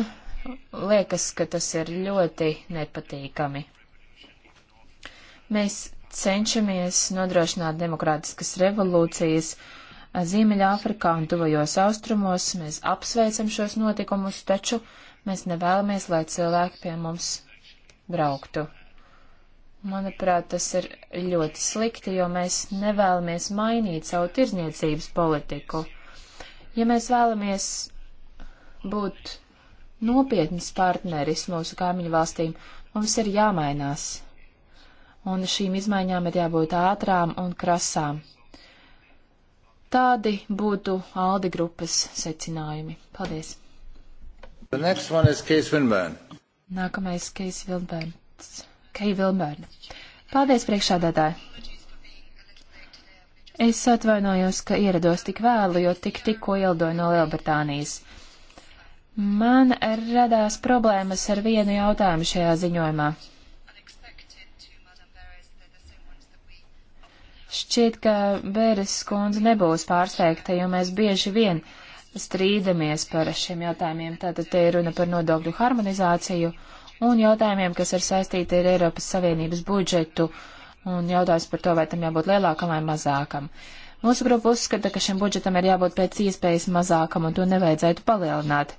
liekas, ka tas ir ļoti nepatīkami. Mēs cenšamies nodrošināt demokrātiskas revolūcijas Ziemeļāfrikā un tuvajos austrumos. Mēs apsveicam šos notikumus, taču mēs nevēlamies, lai cilvēki pie mums brauktu. Manuprāt, tas ir ļoti slikti, jo mēs nevēlamies mainīt savu tirzniecības politiku. Ja mēs vēlamies būt nopietnas partneris mūsu kaimiņu valstīm, mums ir jāmainās. Un šīm izmaiņām ir jābūt ātrām un krasām. Tādi būtu Aldi grupas secinājumi. Paldies! The next one is Case Winburn. Nākamais Keis Vilberts. Kei Vilberna. Paldies, priekšādātāji! Es atvainojos, ka ierados tik vēlu, jo tik tikko ielidoju no Lielbritānijas. Man radās problēmas ar vienu jautājumu šajā ziņojumā. Šķiet, ka Bēres kundze nebūs pārsteigta, jo mēs bieži vien uh, strīdamies par šiem jautājumiem. Tātad te ir runa par nodokļu harmonizāciju un jautājumiem, kas ir saistīti ar Eiropas Savienības budžetu un jautājums par to, vai tam jābūt lielākam vai mazākam. Mūsu grupa uzskata, ka šim budžetam ir jābūt pēc iespējas mazākam un to nevajadzētu palielināt.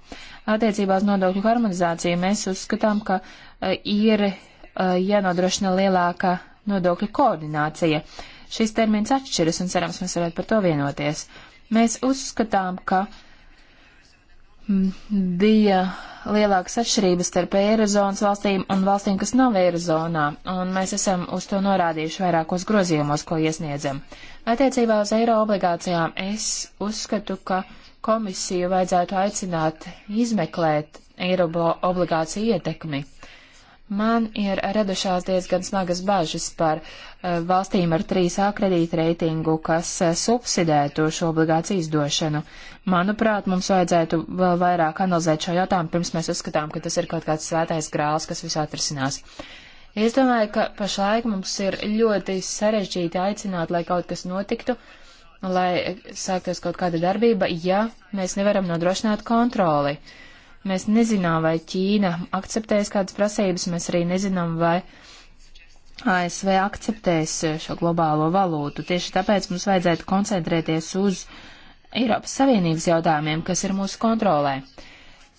Attiecībā uz nodokļu harmonizāciju mēs uzskatām, ka e, ir e, jānodrošina lielāka nodokļu koordinācija. Šis termins atšķiras un cerams, mēs varētu par to vienoties. Mēs uzskatām, ka uh, bija lielākas atšķirības starp Eirozonas valstīm un valstīm, kas nav Eirozonā, un mēs esam uz to norādījuši vairākos grozījumos, ko iesniedzam. Attiecībā uz eiro obligācijām es uzskatu, ka komisiju vajadzētu aicināt izmeklēt eiro obligāciju ietekmi Man ir radušās diezgan smagas bažas par uh, valstīm ar 3A kredītreitingu, kas uh, subsidētu šo obligāciju izdošanu. Manuprāt, mums vajadzētu vēl vairāk analizēt šo jautājumu, pirms mēs uzskatām, ka tas ir kaut kāds svētais grāls, kas visu atrisinās. Es domāju, ka pašlaik mums ir ļoti sarežģīti aicināt, lai kaut kas notiktu, lai eh, sāktos kaut kāda darbība, ja mēs nevaram nodrošināt kontroli. Uh, Mēs nezinām, vai Ķīna akceptēs kādas prasības, mēs arī nezinām, vai ASV akceptēs šo globālo valūtu. Tieši tāpēc mums vajadzētu koncentrēties uz Eiropas Savienības jautājumiem, kas ir mūsu kontrolē.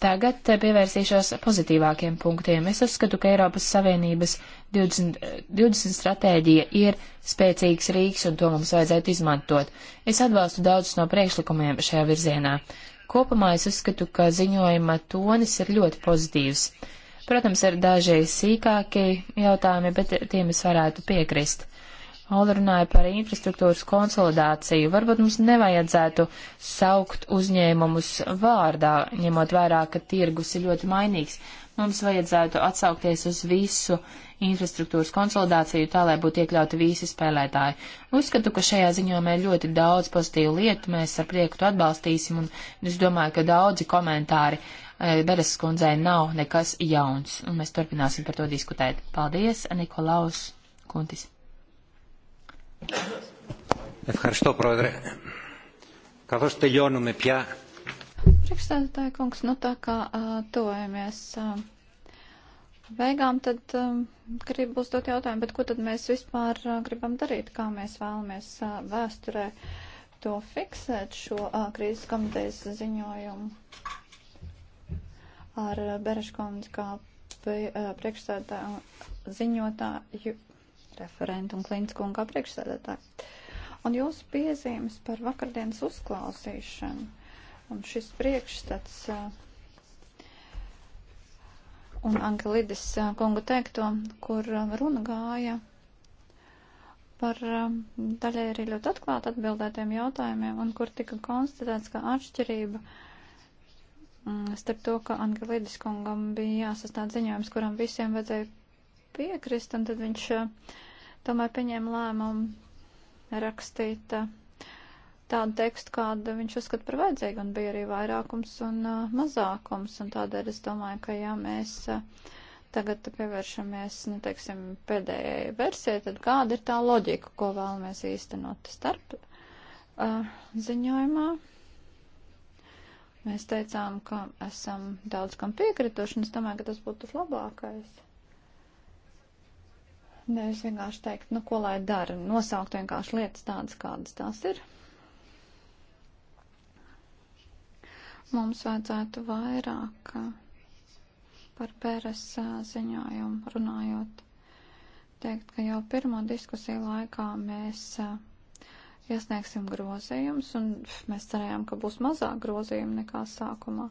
Tagad pievērsīšos pozitīvākiem punktiem. Es uzskatu, ka Eiropas Savienības 20, 20 stratēģija ir spēcīgs rīks, un to mums vajadzētu izmantot. Es atbalstu daudzus no priekšlikumiem šajā virzienā. Kopumā es uzskatu, ka ziņojuma tonis ir ļoti pozitīvs. Protams, ir daži sīkāki jautājumi, bet tiem es varētu piekrist. Ola runāja par infrastruktūras konsolidāciju. Varbūt mums nevajadzētu saukt uzņēmumus vārdā, ņemot vērā, ka tirgus ir ļoti mainīgs mums vajadzētu atsaukties uz visu infrastruktūras konsolidāciju tā, lai būtu iekļauti visi spēlētāji. Uzskatu, ka šajā ziņojumā ir ļoti daudz pozitīvu lietu, mēs ar prieku to atbalstīsim, un es domāju, ka daudzi komentāri e, Beres kundzei nav nekas jauns, un mēs turpināsim par to diskutēt. Paldies, Nikolaus Kuntis. Ευχαριστώ, Πρόεδρε. Καθώς τελειώνουμε πια Priekšstādātāja kungs, nu tā kā uh, tojamies uh, beigām, tad uh, gribu uzdot jautājumu, bet ko tad mēs vispār uh, gribam darīt, kā mēs vēlamies uh, vēsturē to fiksēt šo uh, krīzes komitejas ziņojumu ar uh, Bereškundzi kā uh, priekšstādātāju ziņotāju referentu un Klinskungu kā priekšstādātāju. Un jūsu piezīmes par vakardienas uzklausīšanu Un šis priekšstats un Angelidis kungu teikto, kur runa gāja par daļai arī ļoti atklāti atbildētiem jautājumiem, un kur tika konstatēts, ka atšķirība starp to, ka Angelidis kungam bija jāsastāv ziņojums, kuram visiem vajadzēja piekrist, un tad viņš tomēr pieņēma lēmumu rakstīt tādu tekstu, kādu viņš uzskata par vajadzīgu, un bija arī vairākums un uh, mazākums, un tādēļ es domāju, ka ja mēs uh, tagad pievēršamies, nu, teiksim, pēdējai versijai, tad kāda ir tā loģika, ko vēlamies īstenot starp uh, ziņojumā? Mēs teicām, ka esam daudz kam piekrituši, un es domāju, ka tas būtu tas labākais. Nevis vienkārši teikt, nu, ko lai dara, nosaukt vienkārši lietas tādas, kādas tās ir. Mums vajadzētu vairāk uh, par Pēras uh, ziņojumu runājot. Teikt, ka jau pirmo diskusiju laikā mēs uh, iesniegsim grozījumus, un mēs cerējām, ka būs mazāk grozījumu nekā sākumā.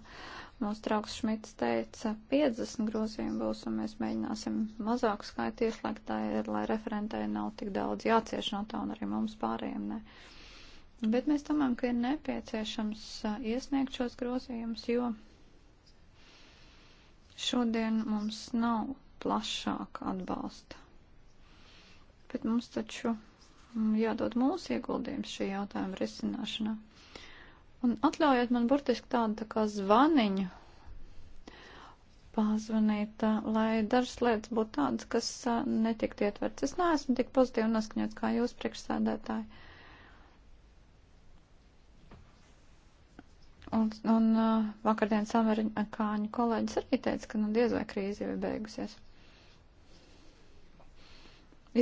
Mūsu draugs Šmits teica, 50 grozījumu būs, un mēs mēģināsim mazāku skaitu ieslēgt, lai referentē nav tik daudz jācieš no tā, un arī mums pārējiem ne. Uh, Bet mēs domājam, ka ir nepieciešams iesniegt šos grozījumus, jo šodien mums nav plašāka atbalsta. Bet mums taču jādod mūsu ieguldījums šī jautājuma risināšanā. Un atļaujiet man burtiski tādu tā kā zvaniņu pazvanīt, lai dažas lietas būtu tādas, kas netikt ietverts. Es neesmu tik pozitīvi noskaņots kā jūs priekšsēdētāji. Un, un uh, vakardienas amerikāņu kolēģis arī teica, ka nu diez vai krīze jau ir beigusies.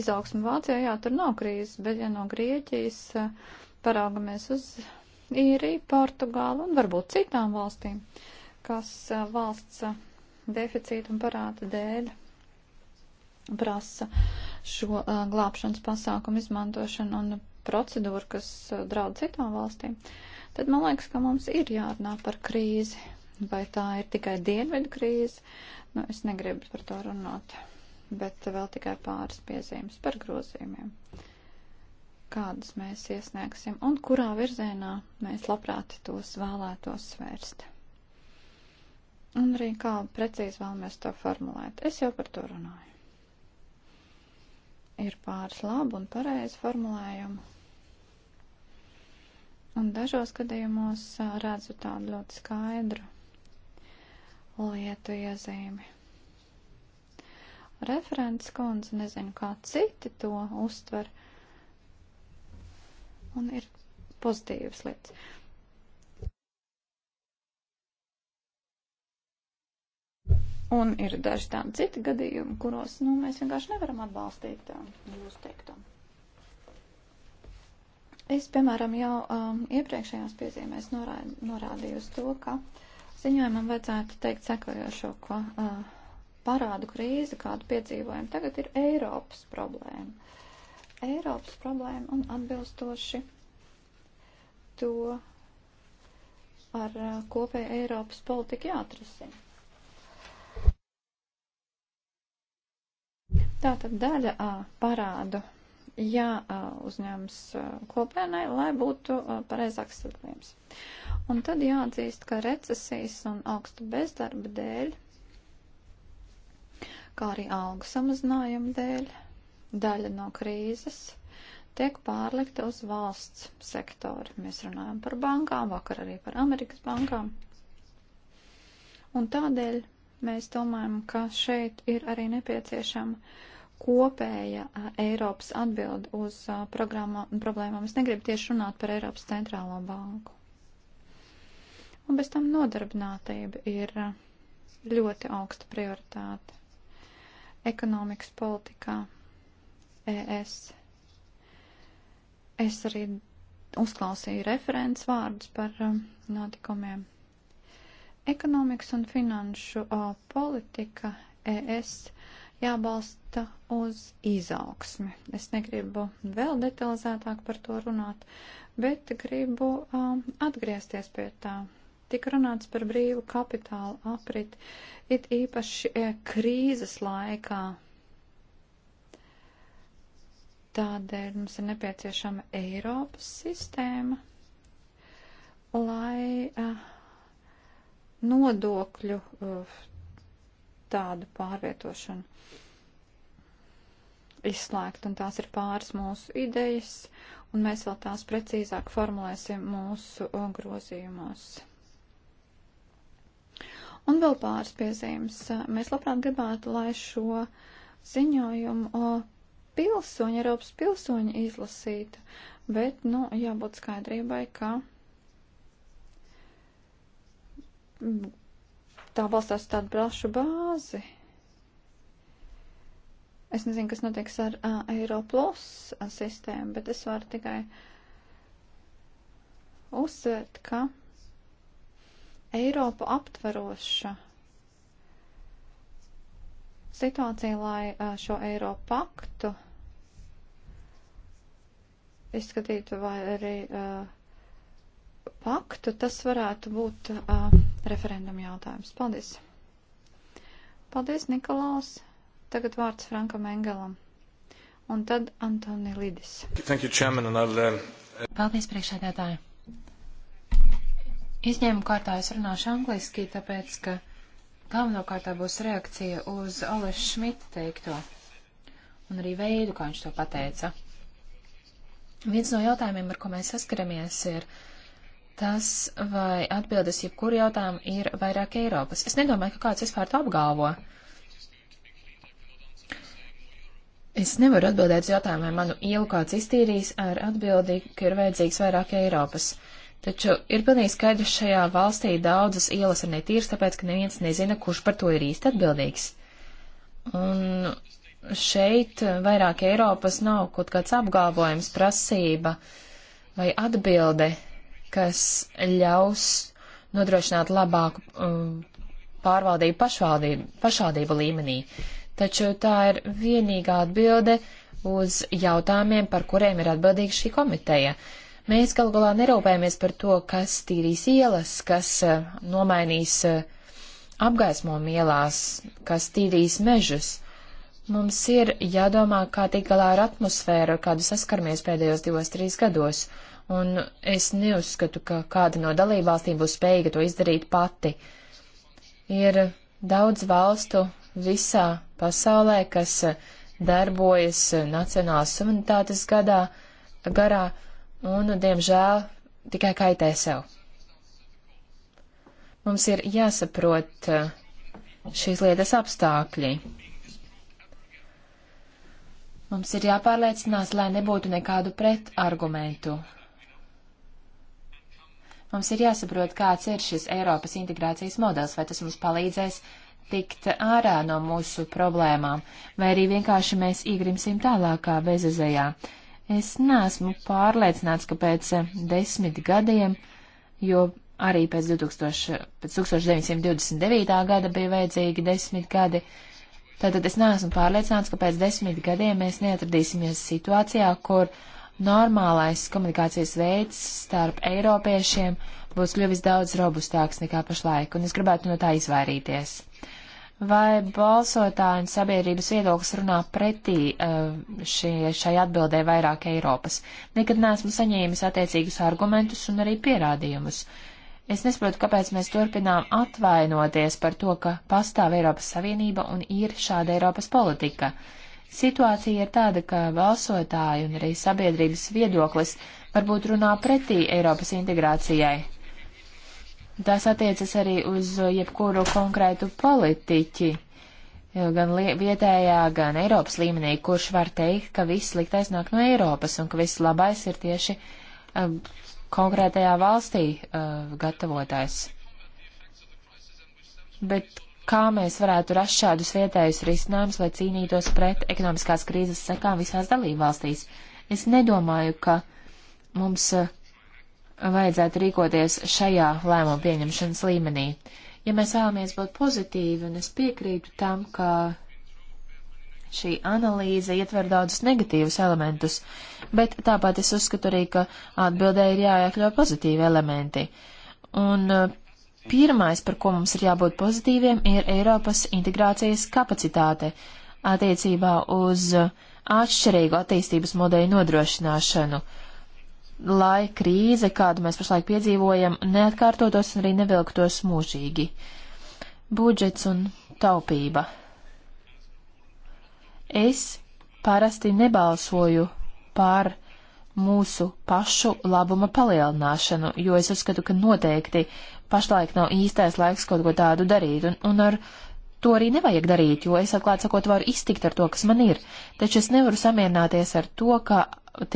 Izaugsme Vācijā, jā, tur nav krīzes, bet ja no Grieķijas uh, paraugamies uz īriju, Portugālu un varbūt citām valstīm, kas uh, valsts uh, deficīta un parāda dēļ prasa uh, šo uh, glābšanas pasākumu izmantošanu un procedūru, kas uh, draud citām valstīm, tad man liekas, ka mums ir jārunā par krīzi. Vai tā ir tikai dienvidu krīze? Nu, es negribu par to runāt, bet vēl tikai pāris piezīmes par grozījumiem, kādus mēs iesniegsim un kurā virzienā mēs labprāt tos vēlētos svērst. Un arī kā precīzi vēlamies to formulēt. Es jau par to runāju ir pāris labu un pareizu formulējumu. Un dažos gadījumos redzu tādu ļoti skaidru lietu iezīmi. Referents kundze, nezinu, kā citi to uztver, un ir pozitīvas lietas. Un ir daži tādi citi gadījumi, kuros nu, mēs vienkārši nevaram atbalstīt um, jūsu teikto. Es, piemēram, jau um, iepriekšējās piezīmēs norā, norādīju uz to, ka ziņojumam vajadzētu teikt sekojošo, ka uh, parādu krīze, kādu piedzīvojam tagad, ir Eiropas problēma. Eiropas problēma un atbilstoši to ar uh, kopēju Eiropas politiku jāatrisina. Tātad daļa a, parādu jāuzņems kopienai, lai būtu a, pareizāks sadalījums. Un tad jāatzīst, ka recesijas un augsta bezdarba dēļ, kā arī algu samazinājuma dēļ, daļa no krīzes tiek pārlikta uz valsts sektoru. Mēs runājam par bankām, vakar arī par Amerikas bankām. Un tādēļ mēs domājam, ka šeit ir arī nepieciešama kopēja Eiropas atbild uz problēmām. Es negribu tieši runāt par Eiropas centrālo banku. Un bez tam nodarbinātība ir ļoti augsta prioritāte ekonomikas politikā, ES. Es arī uzklausīju referents vārdus par notikumiem. Ekonomikas un finanšu politika, ES jābalsta uz izaugsmi. Es negribu vēl detalizētāk par to runāt, bet gribu um, atgriezties pie tā. Tik runāts par brīvu kapitālu aprit, it īpaši eh, krīzes laikā. Tādēļ mums ir nepieciešama Eiropas sistēma, lai uh, nodokļu uh, tādu pārvietošanu izslēgt, un tās ir pāris mūsu idejas, un mēs vēl tās precīzāk formulēsim mūsu uh, grozījumos. Un vēl pāris piezīmes. Mēs labprāt gribētu, lai šo ziņojumu uh, pilsoņi, Eiropas pilsoņi izlasītu, bet, nu, jābūt skaidrībai, ka tā balstās tādu brašu bāzi. Es nezinu, kas notiks ar uh, Eiroplus sistēmu, bet es varu tikai uzsvērt, ka Eiropa aptveroša situācija, lai uh, šo Eiropu paktu izskatītu vai arī uh, paktu, tas varētu būt uh, referendum jautājums. Paldies! Paldies, Nikolaus! Tagad vārds Frankam Engelam. Un tad Antoni Lidis. Thank you, Chairman, and I'll, uh... Paldies, priekšsēdētāji! Izņēmu kārtā es runāšu angliski, tāpēc, ka galvenokārtā būs reakcija uz Oleša Šmita teikto un arī veidu, kā viņš to pateica. Viens no jautājumiem, ar ko mēs saskaramies, ir uh, tas, vai atbildes jebkuru jautājumu ir vairāk Eiropas. Es nedomāju, ka kāds vispār to apgalvo. Es nevaru atbildēt uz jautājumu, vai manu ielu kāds iztīrīs ar atbildi, ka ir vajadzīgs vairāk Eiropas. Taču ir pilnīgi skaidrs, šajā valstī daudzas ielas ir netīras, tāpēc, ka neviens nezina, kurš par to ir īsti atbildīgs. Un šeit vairāk Eiropas nav kaut kāds apgalvojums, prasība vai atbilde kas ļaus nodrošināt labāku um, pārvaldību pašvaldību, pašvaldību līmenī. Taču tā ir vienīgā atbilde uz jautājumiem, par kuriem ir atbildīga šī komiteja. Mēs galu galā nerūpējamies par to, kas tīrīs ielas, kas uh, nomainīs uh, apgaismojumu ielās, kas tīrīs mežus. Mums ir jādomā, kā tikt galā ar atmosfēru, ar kādu saskaramies pēdējos divos, trīs gados un es neuzskatu, ka kāda no dalībvalstīm būs spējīga to izdarīt pati. Ir daudz valstu visā pasaulē, kas darbojas Nacionālas suverenitātes gadā, garā un, diemžēl, tikai kaitē sev. Mums ir jāsaprot eh, šīs lietas apstākļi. Mums ir jāpārliecinās, lai nebūtu nekādu pretargumentu. Mums ir jāsaprot, kāds ir šis Eiropas integrācijas modelis, vai tas mums palīdzēs tikt ārā no mūsu problēmām, vai arī vienkārši mēs iegrimsim tālākā bezizējā. Es neesmu pārliecināts, ka pēc eh, desmit gadiem, jo arī pēc, 2000, pēc 1929. gada bija vajadzīgi desmit gadi, tātad es neesmu pārliecināts, ka pēc desmit gadiem mēs neatradīsimies situācijā, kur uh, normālais komunikācijas veids starp eiropiešiem būs kļuvis daudz robustāks nekā pašlaik, un es gribētu no tā izvairīties. Vai balsotāji un sabiedrības viedoklis runā pretī eh, šie, šai atbildē vairāk Eiropas? Nekad neesmu saņēmis attiecīgus argumentus un arī pierādījumus. Es nesaprotu, kāpēc mēs turpinām atvainoties par to, ka pastāv Eiropas Savienība un ir šāda Eiropas politika. Uh, Situācija ir tāda, ka balsotāji un arī sabiedrības viedoklis varbūt runā pretī Eiropas integrācijai. Tas attiecas arī uz jebkuru konkrētu politiķi gan vietējā, gan Eiropas līmenī, kurš var teikt, ka viss sliktais nāk no Eiropas un ka viss labais ir tieši um, konkrētajā valstī uh, gatavotais. Bet kā mēs varētu rast šādus vietējus risinājumus, lai cīnītos pret ekonomiskās krīzes sekām visās dalībvalstīs. Es nedomāju, ka mums eh, vajadzētu rīkoties šajā lēmuma pieņemšanas līmenī. Ja mēs vēlamies būt pozitīvi, un es piekrītu tam, ka šī analīze ietver daudzus negatīvus elementus, bet tāpat es uzskatu arī, ka atbildē ir jāiekļauj pozitīvi elementi. Un eh, Pirmais, par ko mums ir jābūt pozitīviem, ir Eiropas integrācijas kapacitāte attiecībā uz atšķirīgu attīstības modeļu nodrošināšanu, lai krīze, kādu mēs pašlaik piedzīvojam, neatkārtotos un arī nevilktos mūžīgi. Budžets un taupība. Es parasti nebalsoju par mūsu pašu labuma palielināšanu, jo es uzskatu, ka noteikti pašlaik nav īstais laiks kaut ko tādu darīt, un, un ar to arī nevajag darīt, jo es atklāt sakot varu iztikt ar to, kas man ir, taču es nevaru samierināties ar to, ka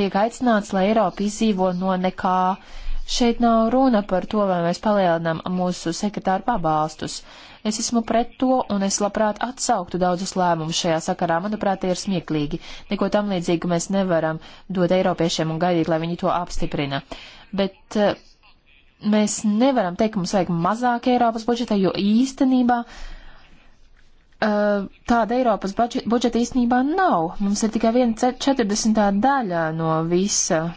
tiek aicināts, lai Eiropa izdzīvo no nekā. Šeit nav runa par to, vai mēs palielinām mūsu sekretāru pabalstus. Es esmu pret to, un es labprāt atsauktu daudzus lēmumus šajā sakarā. Manuprāt, tie ir smieklīgi. Neko tam līdzīgu mēs nevaram dot eiropiešiem un gaidīt, lai viņi to apstiprina. Bet eh, Mēs nevaram teikt, ka mums vajag mazāk Eiropas budžeta, jo īstenībā uh, tāda Eiropas budžeta īstenībā nav. Mums ir tikai viena 40. daļa no visa uh,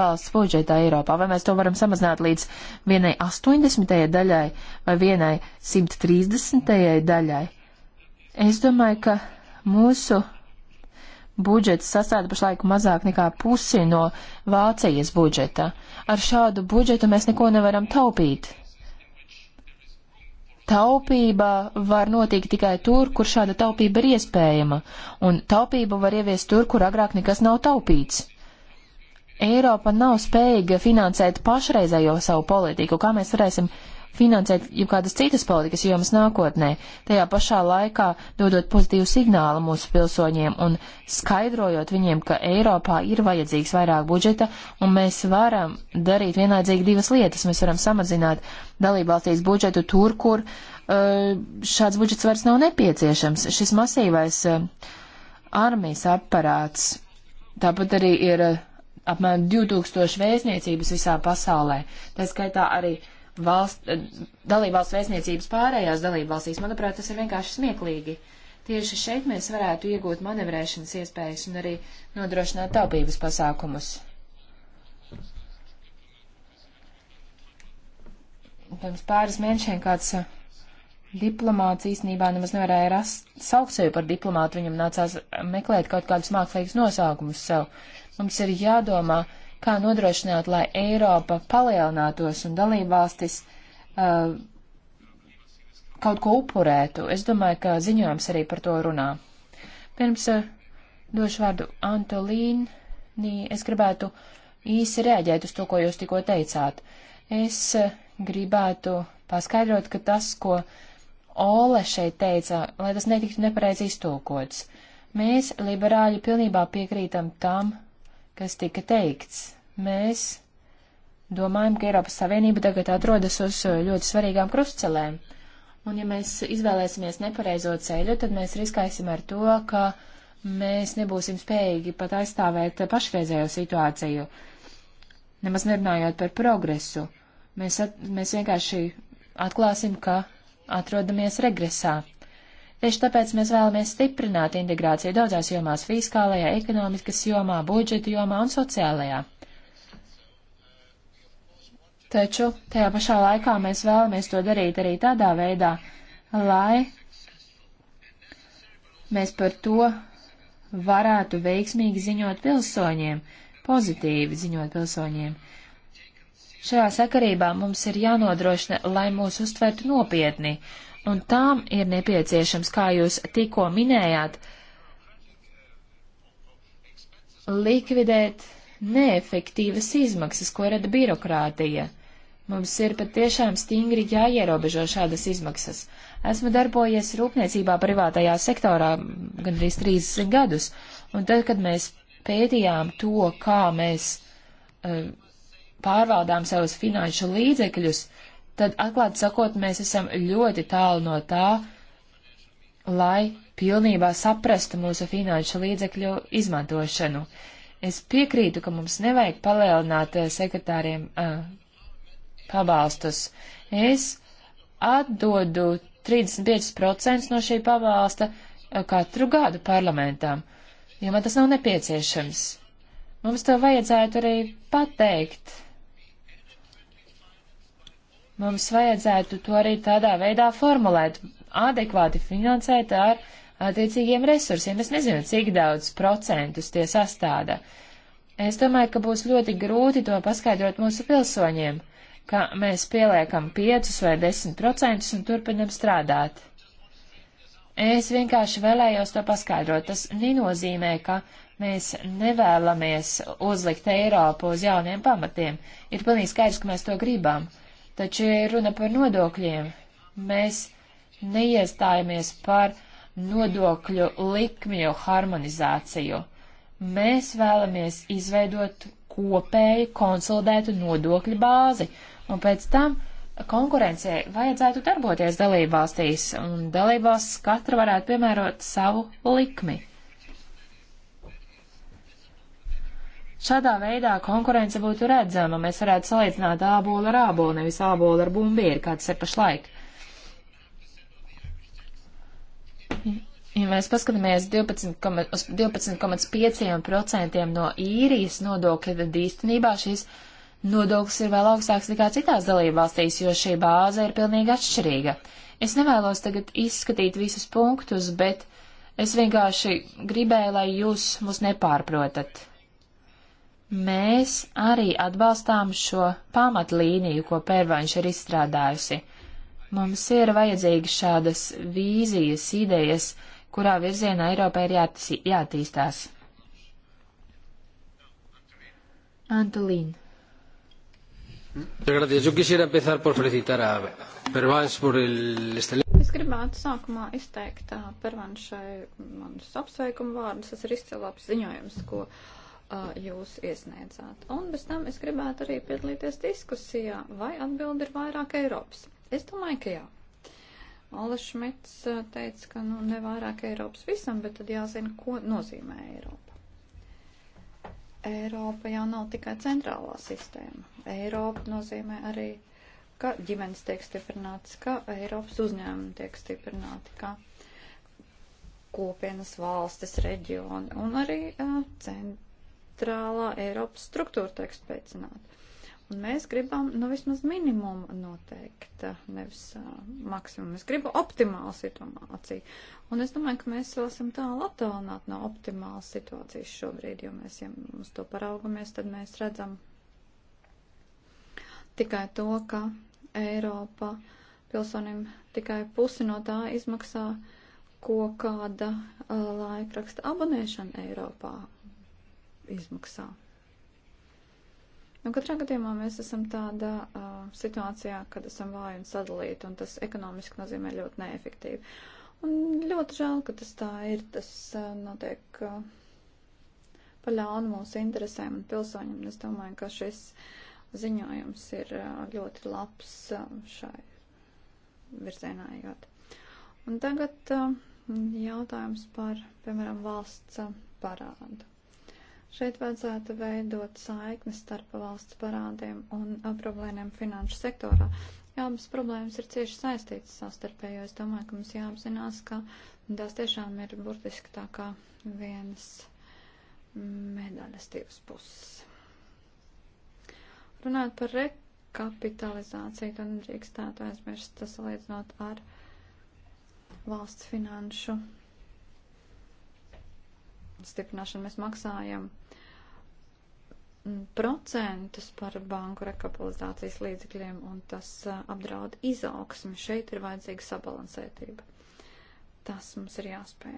valsts budžeta Eiropā. Vai mēs to varam samazināt līdz vienai 80. daļai vai vienai 130. daļai? Es domāju, ka mūsu budžets sastāda pašlaik mazāk nekā pusi no Vācijas budžeta. Ar šādu budžetu mēs neko nevaram taupīt. Taupība var notikt tikai tur, kur šāda taupība ir iespējama, un taupību var ieviest tur, kur agrāk nekas nav taupīts. Eiropa nav spējīga finansēt pašreizējo savu politiku, kā mēs varēsim uh, finansēt jebkādas citas politikas jomas nākotnē, tajā pašā laikā dodot pozitīvu signālu mūsu pilsoņiem un skaidrojot viņiem, ka Eiropā ir vajadzīgs vairāk budžeta un mēs varam darīt vienlaicīgi divas lietas. Mēs varam samazināt dalībvalstīs budžetu tur, kur uh, šāds budžets vairs nav nepieciešams. Šis masīvais uh, armijas aparāts, tāpat arī ir. Uh, apmēram 2000 vēstniecības visā pasaulē, tā skaitā arī valst, eh, dalībvalsts vēstniecības pārējās dalībvalstīs. Manuprāt, tas ir vienkārši smieklīgi. Tieši šeit mēs varētu iegūt manevrēšanas iespējas un arī nodrošināt taupības pasākumus. Pirms pāris mēnešiem kāds eh, diplomāts īstenībā nemaz nevarēja rast saukt sevi par diplomātu, viņam nācās meklēt kaut kādus mākslīgus nosaukumus sev. Mums ir jādomā, uh, kā nodrošināt, lai Eiropa palielinātos un dalībvalstis uh, kaut ko upurētu. Es domāju, ka ziņojums arī par to runā. Pirms uh, došu vārdu Antolīni, es gribētu īsi rēģēt uz to, ko jūs tikko teicāt. Es uh, gribētu paskaidrot, ka tas, ko Ole šeit teica, lai tas netiktu nepareizi iztulkots. Mēs, liberāļi, pilnībā piekrītam tam, kas tika teikts. Mēs domājam, ka Eiropas Savienība tagad atrodas uz ļoti svarīgām krustcelēm. Un ja mēs izvēlēsimies nepareizo ceļu, tad mēs riskēsim ar to, ka mēs nebūsim spējīgi pat aizstāvēt pašreizējo situāciju. Nemaz nerunājot par progresu, mēs, at, mēs vienkārši atklāsim, ka atrodamies regresā. Tieši tāpēc mēs vēlamies stiprināt integrāciju daudzās jomās - fiskālajā, ekonomikas jomā, budžeta jomā un sociālajā. Taču tajā pašā laikā mēs vēlamies to darīt arī tādā veidā, lai mēs par to varētu veiksmīgi ziņot pilsoņiem, pozitīvi ziņot pilsoņiem. Šajā sakarībā mums ir jānodrošina, lai mūs uztvertu nopietni, un tām ir nepieciešams, kā jūs tikko minējāt, likvidēt neefektīvas izmaksas, ko rada birokrātija. Mums ir patiešām stingri jāierobežo šādas izmaksas. Esmu darbojies rūpniecībā privātajā sektorā gandrīz 30 gadus, un tad, kad mēs pētījām to, kā mēs uh, pārvaldām savus finanšu līdzekļus, tad, atklāti sakot, mēs esam ļoti tālu no tā, lai pilnībā saprastu mūsu finanšu līdzekļu izmantošanu. Es piekrītu, ka mums nevajag palielināt eh, sekretāriem uh, pabalstus. Es atdodu 35% no šī pabalsta eh, katru gadu parlamentām, jo man tas nav nepieciešams. Mums to vajadzētu arī pateikt Mums vajadzētu to arī tādā veidā formulēt, adekvāti finansēt ar attiecīgiem resursiem. Es nezinu, cik daudz procentus tie sastāda. Es domāju, ka būs ļoti grūti to paskaidrot mūsu pilsoņiem, ka mēs pieliekam 5 vai 10 procentus un turpinam strādāt. Es vienkārši vēlējos to paskaidrot. Tas nenozīmē, ka mēs nevēlamies uzlikt Eiropu uz jauniem pamatiem. Ir pilnīgi skaidrs, ka mēs to gribam. Taču, ja runa par nodokļiem, mēs neiestājamies par nodokļu likmju harmonizāciju. Mēs vēlamies izveidot kopēju konsolidētu nodokļu bāzi, un pēc tam konkurencei vajadzētu darboties dalībvalstīs, un dalībvalsts katra varētu piemērot savu likmi. Šādā veidā konkurence būtu redzama, mēs varētu salīdzināt ābolu ar ābolu, nevis ābolu ar bumbīru, kāds ir pašlaik. Ja mēs paskatāmies 12,5% 12 no īrijas nodokļa, tad īstenībā šīs nodoklis ir vēl augstāks nekā citās dalībvalstīs, jo šī bāze ir pilnīgi atšķirīga. Es nevēlos tagad izskatīt visus punktus, bet es vienkārši gribēju, lai jūs mūs nepārprotat mēs arī atbalstām šo pamatlīniju, ko Pērvaņš ir izstrādājusi. Mums ir vajadzīgas šādas vīzijas, idejas, kurā virzienā Eiropai ir jātī, jātīstās. Antolīna. Es gribētu sākumā izteikt Pervanšai manus apsveikumu vārdus. Tas ir izcēlāps ziņojums, ko uh, jūs iesniedzāt. Un bez tam es gribētu arī piedalīties diskusijā, vai atbildi ir vairāk Eiropas. Es domāju, ka jā. Ola Šmits teica, ka nu, ne vairāk Eiropas visam, bet tad jāzina, ko nozīmē Eiropa. Eiropa jau nav tikai centrālā sistēma. Eiropa nozīmē arī, ka ģimenes tiek stiprināts, ka Eiropas uzņēmumi tiek stiprināti, ka kopienas valstis, reģioni un arī uh, centri centrālā Eiropas struktūra tiek spēcināta. Un mēs gribam, nu, vismaz minimumu noteikt, nevis uh, maksimumu. Es gribu optimālu situāciju. Un es domāju, ka mēs vēl esam tālu attālināt no optimālas situācijas šobrīd, jo mēs, ja uz to paraugamies, tad mēs redzam tikai to, ka Eiropa pilsonim tikai pusi no tā izmaksā, ko kāda uh, laikraksta abonēšana Eiropā izmaksā. Nu, katrā gadījumā mēs esam tādā uh, situācijā, kad esam vāji un sadalīti, un tas ekonomiski nozīmē ļoti neefektīvi. Un ļoti žēl, ka tas tā ir, tas uh, notiek uh, pa ļaunu mūsu interesēm un pilsoņiem. Es domāju, ka šis ziņojums ir uh, ļoti labs uh, šai virzienā jūt. Un tagad uh, jautājums par, piemēram, valsts parādu. Šeit vajadzētu veidot saiknes starp valsts parādiem un uh, problēmiem finanšu sektorā. Abas problēmas ir cieši saistītas savstarpējo. Es domāju, ka mums jāapzinās, ka tās tiešām ir burtiski tā kā vienas medaļas divas puses. Runājot par rekapitalizāciju, tad drīkstētu aizmirst tas salīdzinot ar valsts finanšu stiprināšanu. Mēs maksājam procentus par banku rekapitalizācijas līdzekļiem, un tas apdraud izaugsmi. Šeit ir vajadzīga sabalansētība. Tas mums ir jāspēj.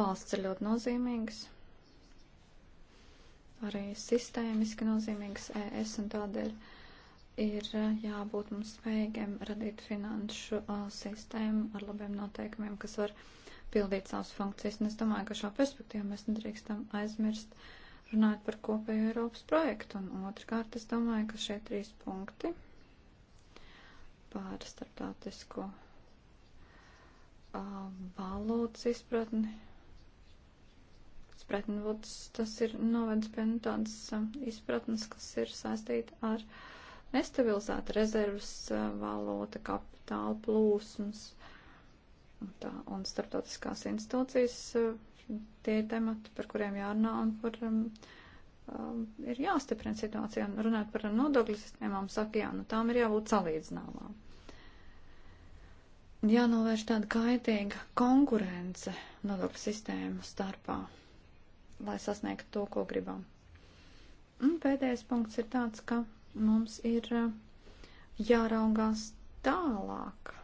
Valsts ir ļoti nozīmīgas, arī sistēmiski nozīmīgas ES, un tādēļ ir jābūt mums spējīgiem radīt finanšu sistēmu ar labiem noteikumiem, kas var uh, pildīt savas funkcijas. Un es domāju, ka šā perspektīvā mēs nedrīkstam aizmirst runāt par kopēju Eiropas projektu. Un otrkārt, es domāju, ka šie trīs punkti par starptautisko uh, valodas izpratni izpratni, tas ir novedis pie nu, tādas uh, izpratnes, kas ir saistīta ar nestabilizētu rezervas uh, valūta, kapitāla plūsmas, tā, un starptautiskās institūcijas, eh, tie ir temati, par kuriem jārunā un par um, um, ir jāstiprina situācija. Un runāt par nodokļu sistēmām, saka, jā, nu tām ir jābūt salīdzināmām. Jānovērš tāda kaitīga konkurence nodokļu sistēmu starpā, lai sasniegtu to, ko gribam. Un pēdējais punkts ir tāds, ka mums ir eh, jāraugās tālāk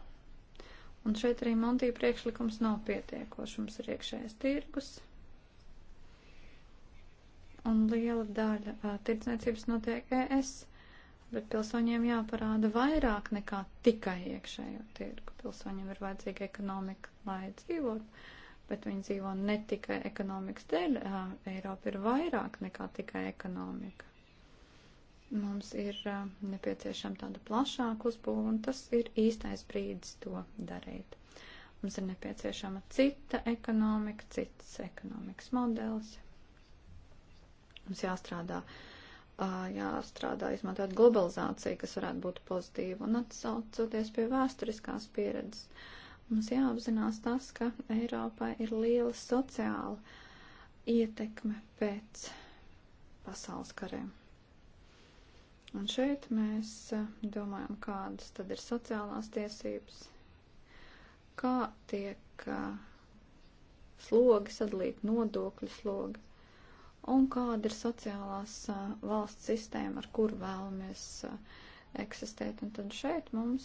Un šeit arī Montija priekšlikums nav pietiekošs. Mums ir iekšējais tirgus. Un liela daļa uh, tirdzniecības notiek ES, bet pilsoņiem jāparāda vairāk nekā tikai iekšējo tirgu. Pilsoņiem ir vajadzīga ekonomika, lai dzīvotu, bet viņi dzīvo ne tikai ekonomikas dēļ. Uh, Eiropa ir vairāk nekā tikai ekonomika mums ir nepieciešama tāda plašāka uzbūve, un tas ir īstais brīdis to darīt. Mums ir nepieciešama cita ekonomika, cits ekonomikas modelis. Mums jāstrādā, jāstrādā izmantojot globalizāciju, kas varētu būt pozitīva, un atsaucoties pie vēsturiskās pieredzes. Mums jāapzinās tas, ka Eiropā ir liela sociāla ietekme pēc pasaules kariem. Un šeit mēs eh, domājam, kādas tad ir sociālās tiesības, kā tiek eh, slogi sadalīt nodokļu slogi un kāda ir sociālās eh, valsts sistēma, ar kuru vēlamies uh, eksistēt. Un tad šeit mums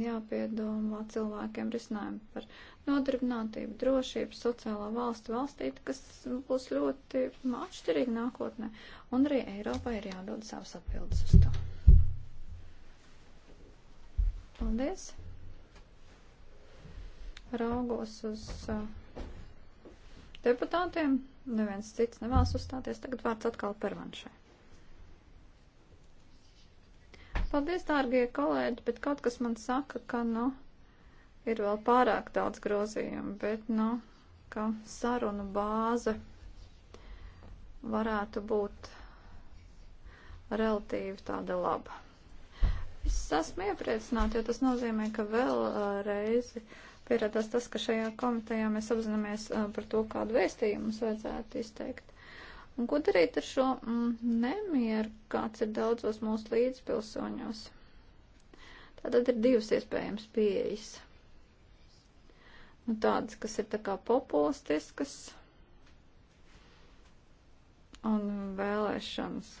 jāpiedomā cilvēkiem risinājumi par nodarbinātību, drošību, sociālā valstu valstī, kas būs ļoti atšķirīgi nākotnē. Un arī Eiropai ir jādod savas atbildes uz to. Paldies! Raugos uz uh, deputātiem. Neviens cits nevēlas uzstāties. Tagad vārds atkal pervanšai. Paldies, dārgie kolēģi, bet kaut kas man saka, ka, nu, ir vēl pārāk daudz grozījumu, bet, nu, ka sarunu bāze varētu būt relatīvi tāda laba. Es esmu iepriecināta, jo tas nozīmē, ka vēl uh, reizi pierādās tas, ka šajā komitejā mēs apzināmies uh, par to, kādu vēstījumu mums vajadzētu izteikt. Un ko darīt ar šo mm, nemieru, kāds ir daudzos mūsu līdzpilsoņos? Tātad ir divas iespējams pieejas. Nu, tādas, kas ir tā kā populistiskas un vēlēšanas,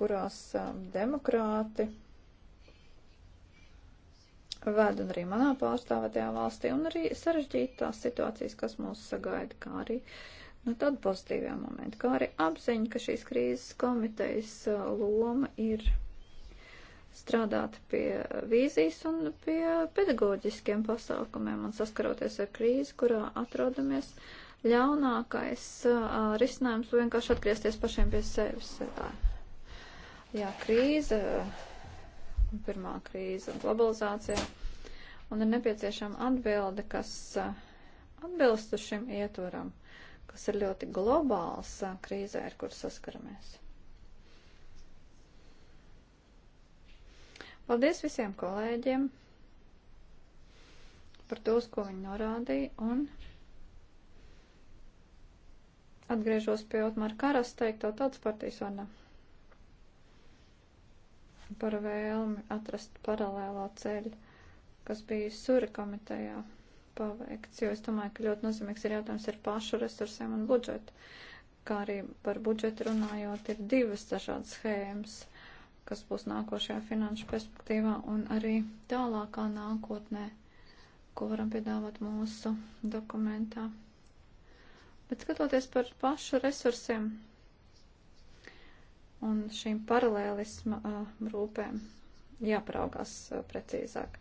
kurās demokrāti veda arī manā pārstāvētajā valstī, un arī sarežģītās situācijas, kas mūs sagaida, kā arī nu, tāda pozitīvā momenta, kā arī apziņa, ka šīs krīzes komitejas uh, loma ir strādāt pie vīzijas un pie pedagoģiskiem pasākumiem un saskaroties ar krīzi, kurā atrodamies. Ļaunākais uh, risinājums vienkārši atgriezties pašiem pie sevis. Tā. Jā, krīze. Uh, pirmā krīze un globalizācija. Un ir nepieciešama atbilde, kas eh, atbilst uz šim ietvaram, kas ir ļoti globāls eh, krīzē, ar kur saskaramies. Paldies visiem kolēģiem par tos, ko viņi norādīja, un atgriežos pie Otmar Karas teikto tautas partijas vārdā par vēlmi atrast paralēlā ceļu, kas bija Sura komitejā paveikts, jo es domāju, ka ļoti nozīmīgs ir jautājums ar pašu resursiem un budžetu. Kā arī par budžetu runājot, ir divas dažādas schēmas, kas būs nākošajā finanšu perspektīvā un arī tālākā nākotnē, ko varam piedāvāt mūsu dokumentā. Bet skatoties par pašu resursiem, un šīm paralēlisma rūpēm jāparaugās precīzāk.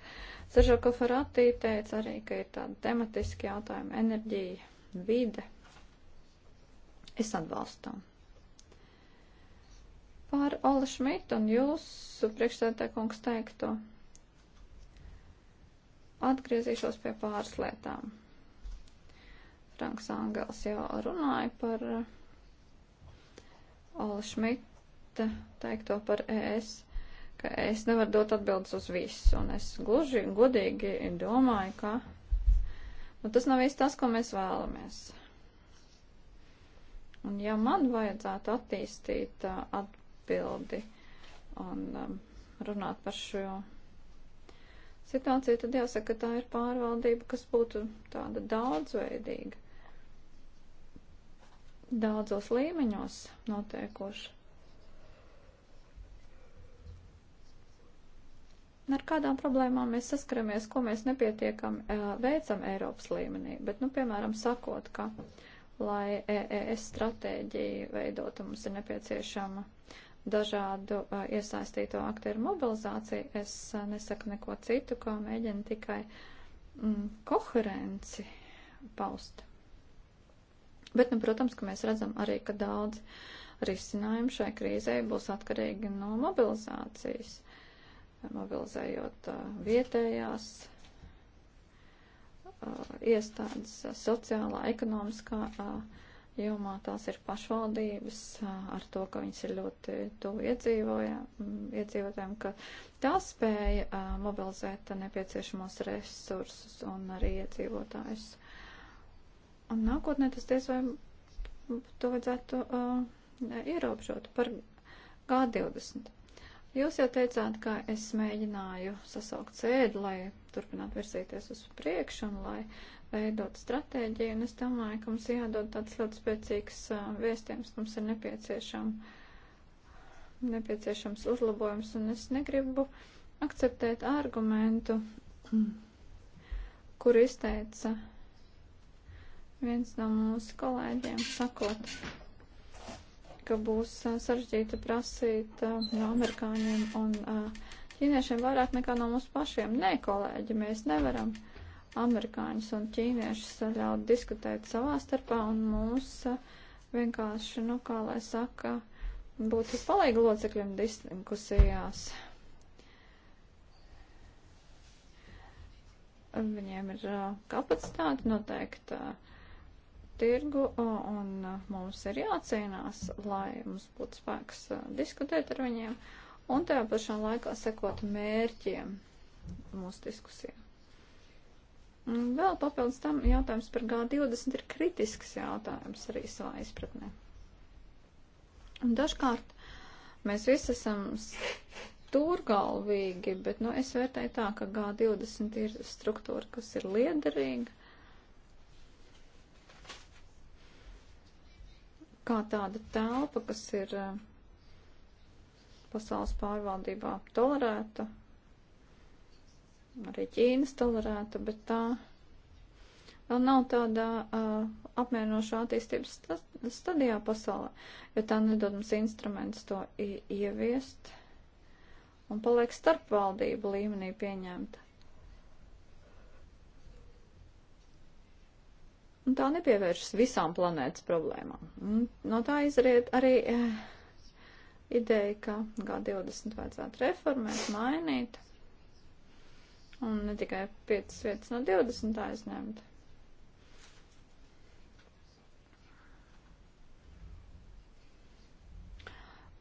Sežo Kofarati teica arī, ka ir tādi tematiski jautājumi - enerģija, vide. Es atbalstu tam. Par Ola Šmitu un jūsu priekšstādā kungs teikto atgriezīšos pie pāris lietām. Franks Angels jau runāja par Ola Šmitu teikto par ES, ka es nevaru dot atbildes uz visu, un es gluži godīgi domāju, ka nu, tas nav viss tas, ko mēs vēlamies. Un ja man vajadzētu attīstīt uh, atbildi un um, runāt par šo situāciju, tad jāsaka, ka tā ir pārvaldība, kas būtu tāda daudzveidīga, daudzos līmeņos notiekoša. Un ar kādām problēmām mēs saskaramies, ko mēs nepietiekam veicam Eiropas līmenī. Bet, nu, piemēram, sakot, ka, lai EES stratēģija veidotu, mums ir nepieciešama dažādu iesaistīto aktieru mobilizācija. Es nesaku neko citu, kā mēģinu tikai mm, koherenci paust. Bet, nu, protams, ka mēs redzam arī, ka daudz risinājumu šai krīzē būs atkarīgi no mobilizācijas. Uh, mobilizējot uh, vietējās uh, iestādes uh, sociālā, ekonomiskā jomā. Tās ir pašvaldības ar to, ka viņas ir ļoti tuvu mm, iedzīvotājiem, ka tās spēja mobilizēt nepieciešamos resursus un arī iedzīvotājus. Un nākotnē tas diez vai to vajadzētu uh, ierobežot par G20. Jūs jau teicāt, ka es mēģināju sasaukt sēdi, lai turpinātu virzīties uz priekšu un lai veidot stratēģiju, un es domāju, ka mums jādod tāds ļoti spēcīgs vēstījums, mums ir nepieciešama, nepieciešams uzlabojums, un es negribu akceptēt argumentu, kur izteica viens no mūsu kolēģiem, sakot, ka būs sarežģīti prasīt no amerikāņiem un ķīniešiem vairāk nekā no mums pašiem. Nē, kolēģi, mēs nevaram amerikāņus un ķīniešus ļaut diskutēt savā starpā un mūs vienkārši, nu, kā lai saka, būtu palīgi locekļiem diskusijās. Viņiem ir kapacitāte noteikti tirgu, un mums ir jācīnās, lai mums būtu spēks diskutēt ar viņiem, un tajā pašā laikā sekot mērķiem mūsu diskusijām. Vēl papildus tam jautājums par G20 ir kritisks jautājums arī savā izpratnē. Un dažkārt mēs visi esam stūrgalvīgi, bet nu, es vērtēju tā, ka G20 ir struktūra, kas ir liederīga kā tāda telpa, kas ir eh, pasaules pārvaldībā tolerēta, arī Ķīnas tolerēta, bet tā vēl nav tādā uh, apmierinošā attīstības stadijā pasaulē, jo tā nedod mums instruments to ieviest un paliek starpvaldību līmenī pieņemta. Un tā nepievēršas visām planētas problēmām. Un no tā izriet arī eh, ideja, ka G20 vajadzētu reformēt, mainīt. Un ne tikai 5 vietas no 20 aizņemt.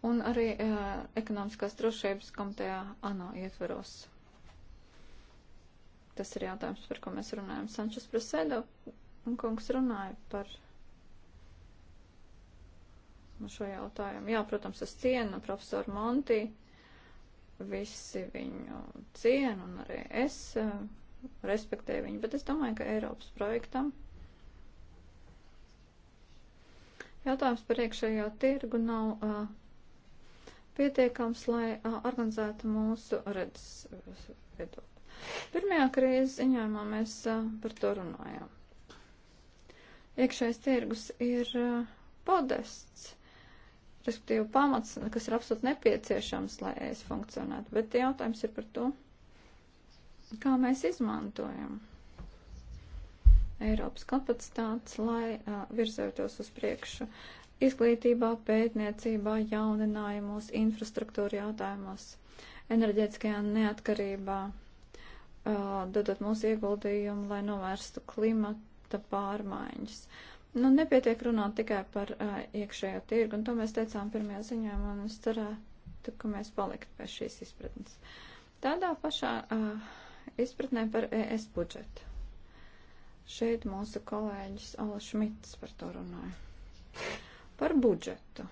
Un arī uh, ekonomiskās drošības komitejā ANO ietveros. Tas ir jautājums, par ko mēs runājam Sančes Presedo Un kungs runāja par šo jautājumu. Jā, protams, es cienu profesoru Monti, visi viņu cienu un arī es eh, respektēju viņu, bet es domāju, ka Eiropas projektam jautājums par iekšējo tirgu nav uh, pietiekams, lai uh, organizētu mūsu redzes viedokli. Pirmajā krīzes ziņojumā mēs uh, par to runājām iekšējais tirgus ir uh, podests, respektīvi pamats, kas ir absolūti nepieciešams, lai es funkcionētu. Bet jautājums ir par to, kā mēs izmantojam Eiropas kapacitātes, lai uh, virzētos uz priekšu izglītībā, pētniecībā, jauninājumos, infrastruktūra jautājumos, enerģētiskajā neatkarībā, uh, dodot mūsu ieguldījumu, lai novērstu klimatu panākta pārmaiņas. Nu, nepietiek runāt tikai par uh, iekšējo tirgu, un to mēs teicām pirmajā ziņā, un es cerētu, ka mēs paliktu pie šīs izpratnes. Tādā pašā uh, izpratnē par ES budžetu. Šeit mūsu kolēģis Ola Šmits par to runāja. Par budžetu.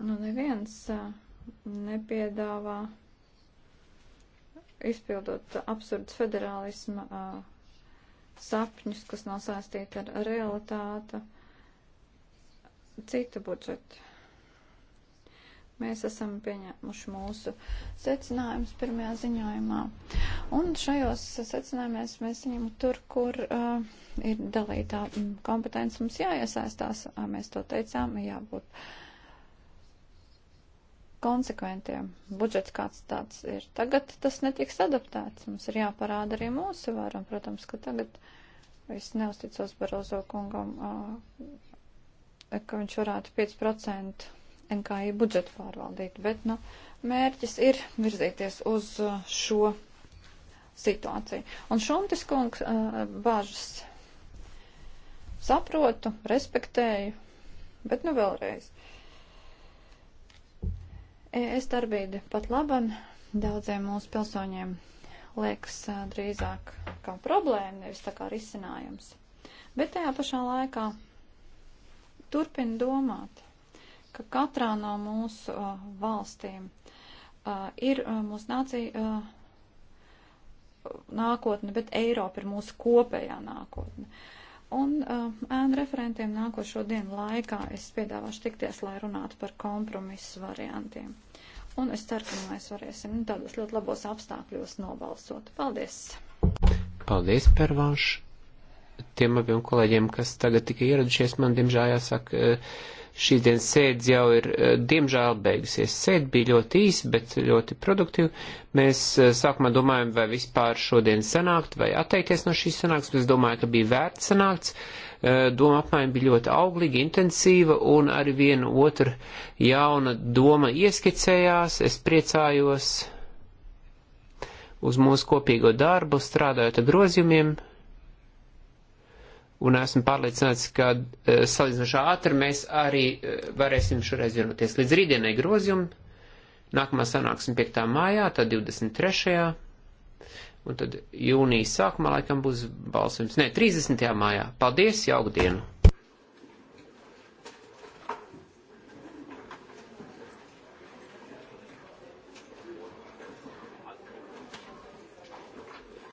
Nu, neviens uh, nepiedāvā izpildot absurdus federālisma sapņus, kas nav sāstīti ar realitāti, citu budžetu. Mēs esam pieņēmuši mūsu secinājumus pirmajā ziņojumā. Un šajos secinājumos mēs viņam tur, kur uh, ir dalītā mm, kompetence, mums jāiesaistās. Mēs to teicām, jābūt. Uh, konsekventiem. Budžets kāds tāds ir. Tagad tas netiks adaptēts. Mums ir jāparāda arī mūsu varam. Protams, ka tagad es neusticos Barozo kungam, ka viņš varētu 5% NKI budžetu pārvaldīt, bet, nu, mērķis ir virzīties uz šo situāciju. Un Šuntis kungs bāžas saprotu, respektēju, bet, nu, vēlreiz. Uh, Es darbība pat laban daudziem mūsu pilsoņiem liekas drīzāk kā problēma, nevis tā kā risinājums. Bet tajā pašā laikā turpina domāt, ka katrā no mūsu uh, valstīm uh, ir uh, mūsu nācija uh, nākotne, bet Eiropa ir mūsu kopējā nākotne. Un uh, ēnu referentiem nākošo dienu laikā es piedāvāšu tikties, lai runātu par kompromisu variantiem un es ceru, ka mēs varēsim nu, tādos ļoti labos apstākļos nobalsot. Paldies! Paldies, Pervāš! Tiem abiem kolēģiem, kas tagad tikai ieradušies, man diemžēl jāsaka, eh, šīs dienas sēdz jau ir eh, diemžēl beigusies. Sēd bija ļoti īsa, bet ļoti produktīva. Mēs eh, sākumā domājam, vai vispār šodien sanākt, vai atteikties no šīs sanāks, bet es domāju, ka bija vērts sanākts. Uh, Eh, doma apmaiņa bija ļoti auglīga, intensīva, un arī viena otra jauna doma ieskicējās. Es priecājos uz mūsu kopīgo darbu, strādājot ar grozījumiem, un esmu pārliecināts, ka eh, salīdzinoši ātri mēs arī eh, varēsim šoreiz vienoties līdz rītdienai grozījumu. Nākamā sanāksim 5. mājā, tad 23. Un tad jūnijas sākumā laikam būs balsojums. Nē, 30. mājā. Paldies, jauku dienu!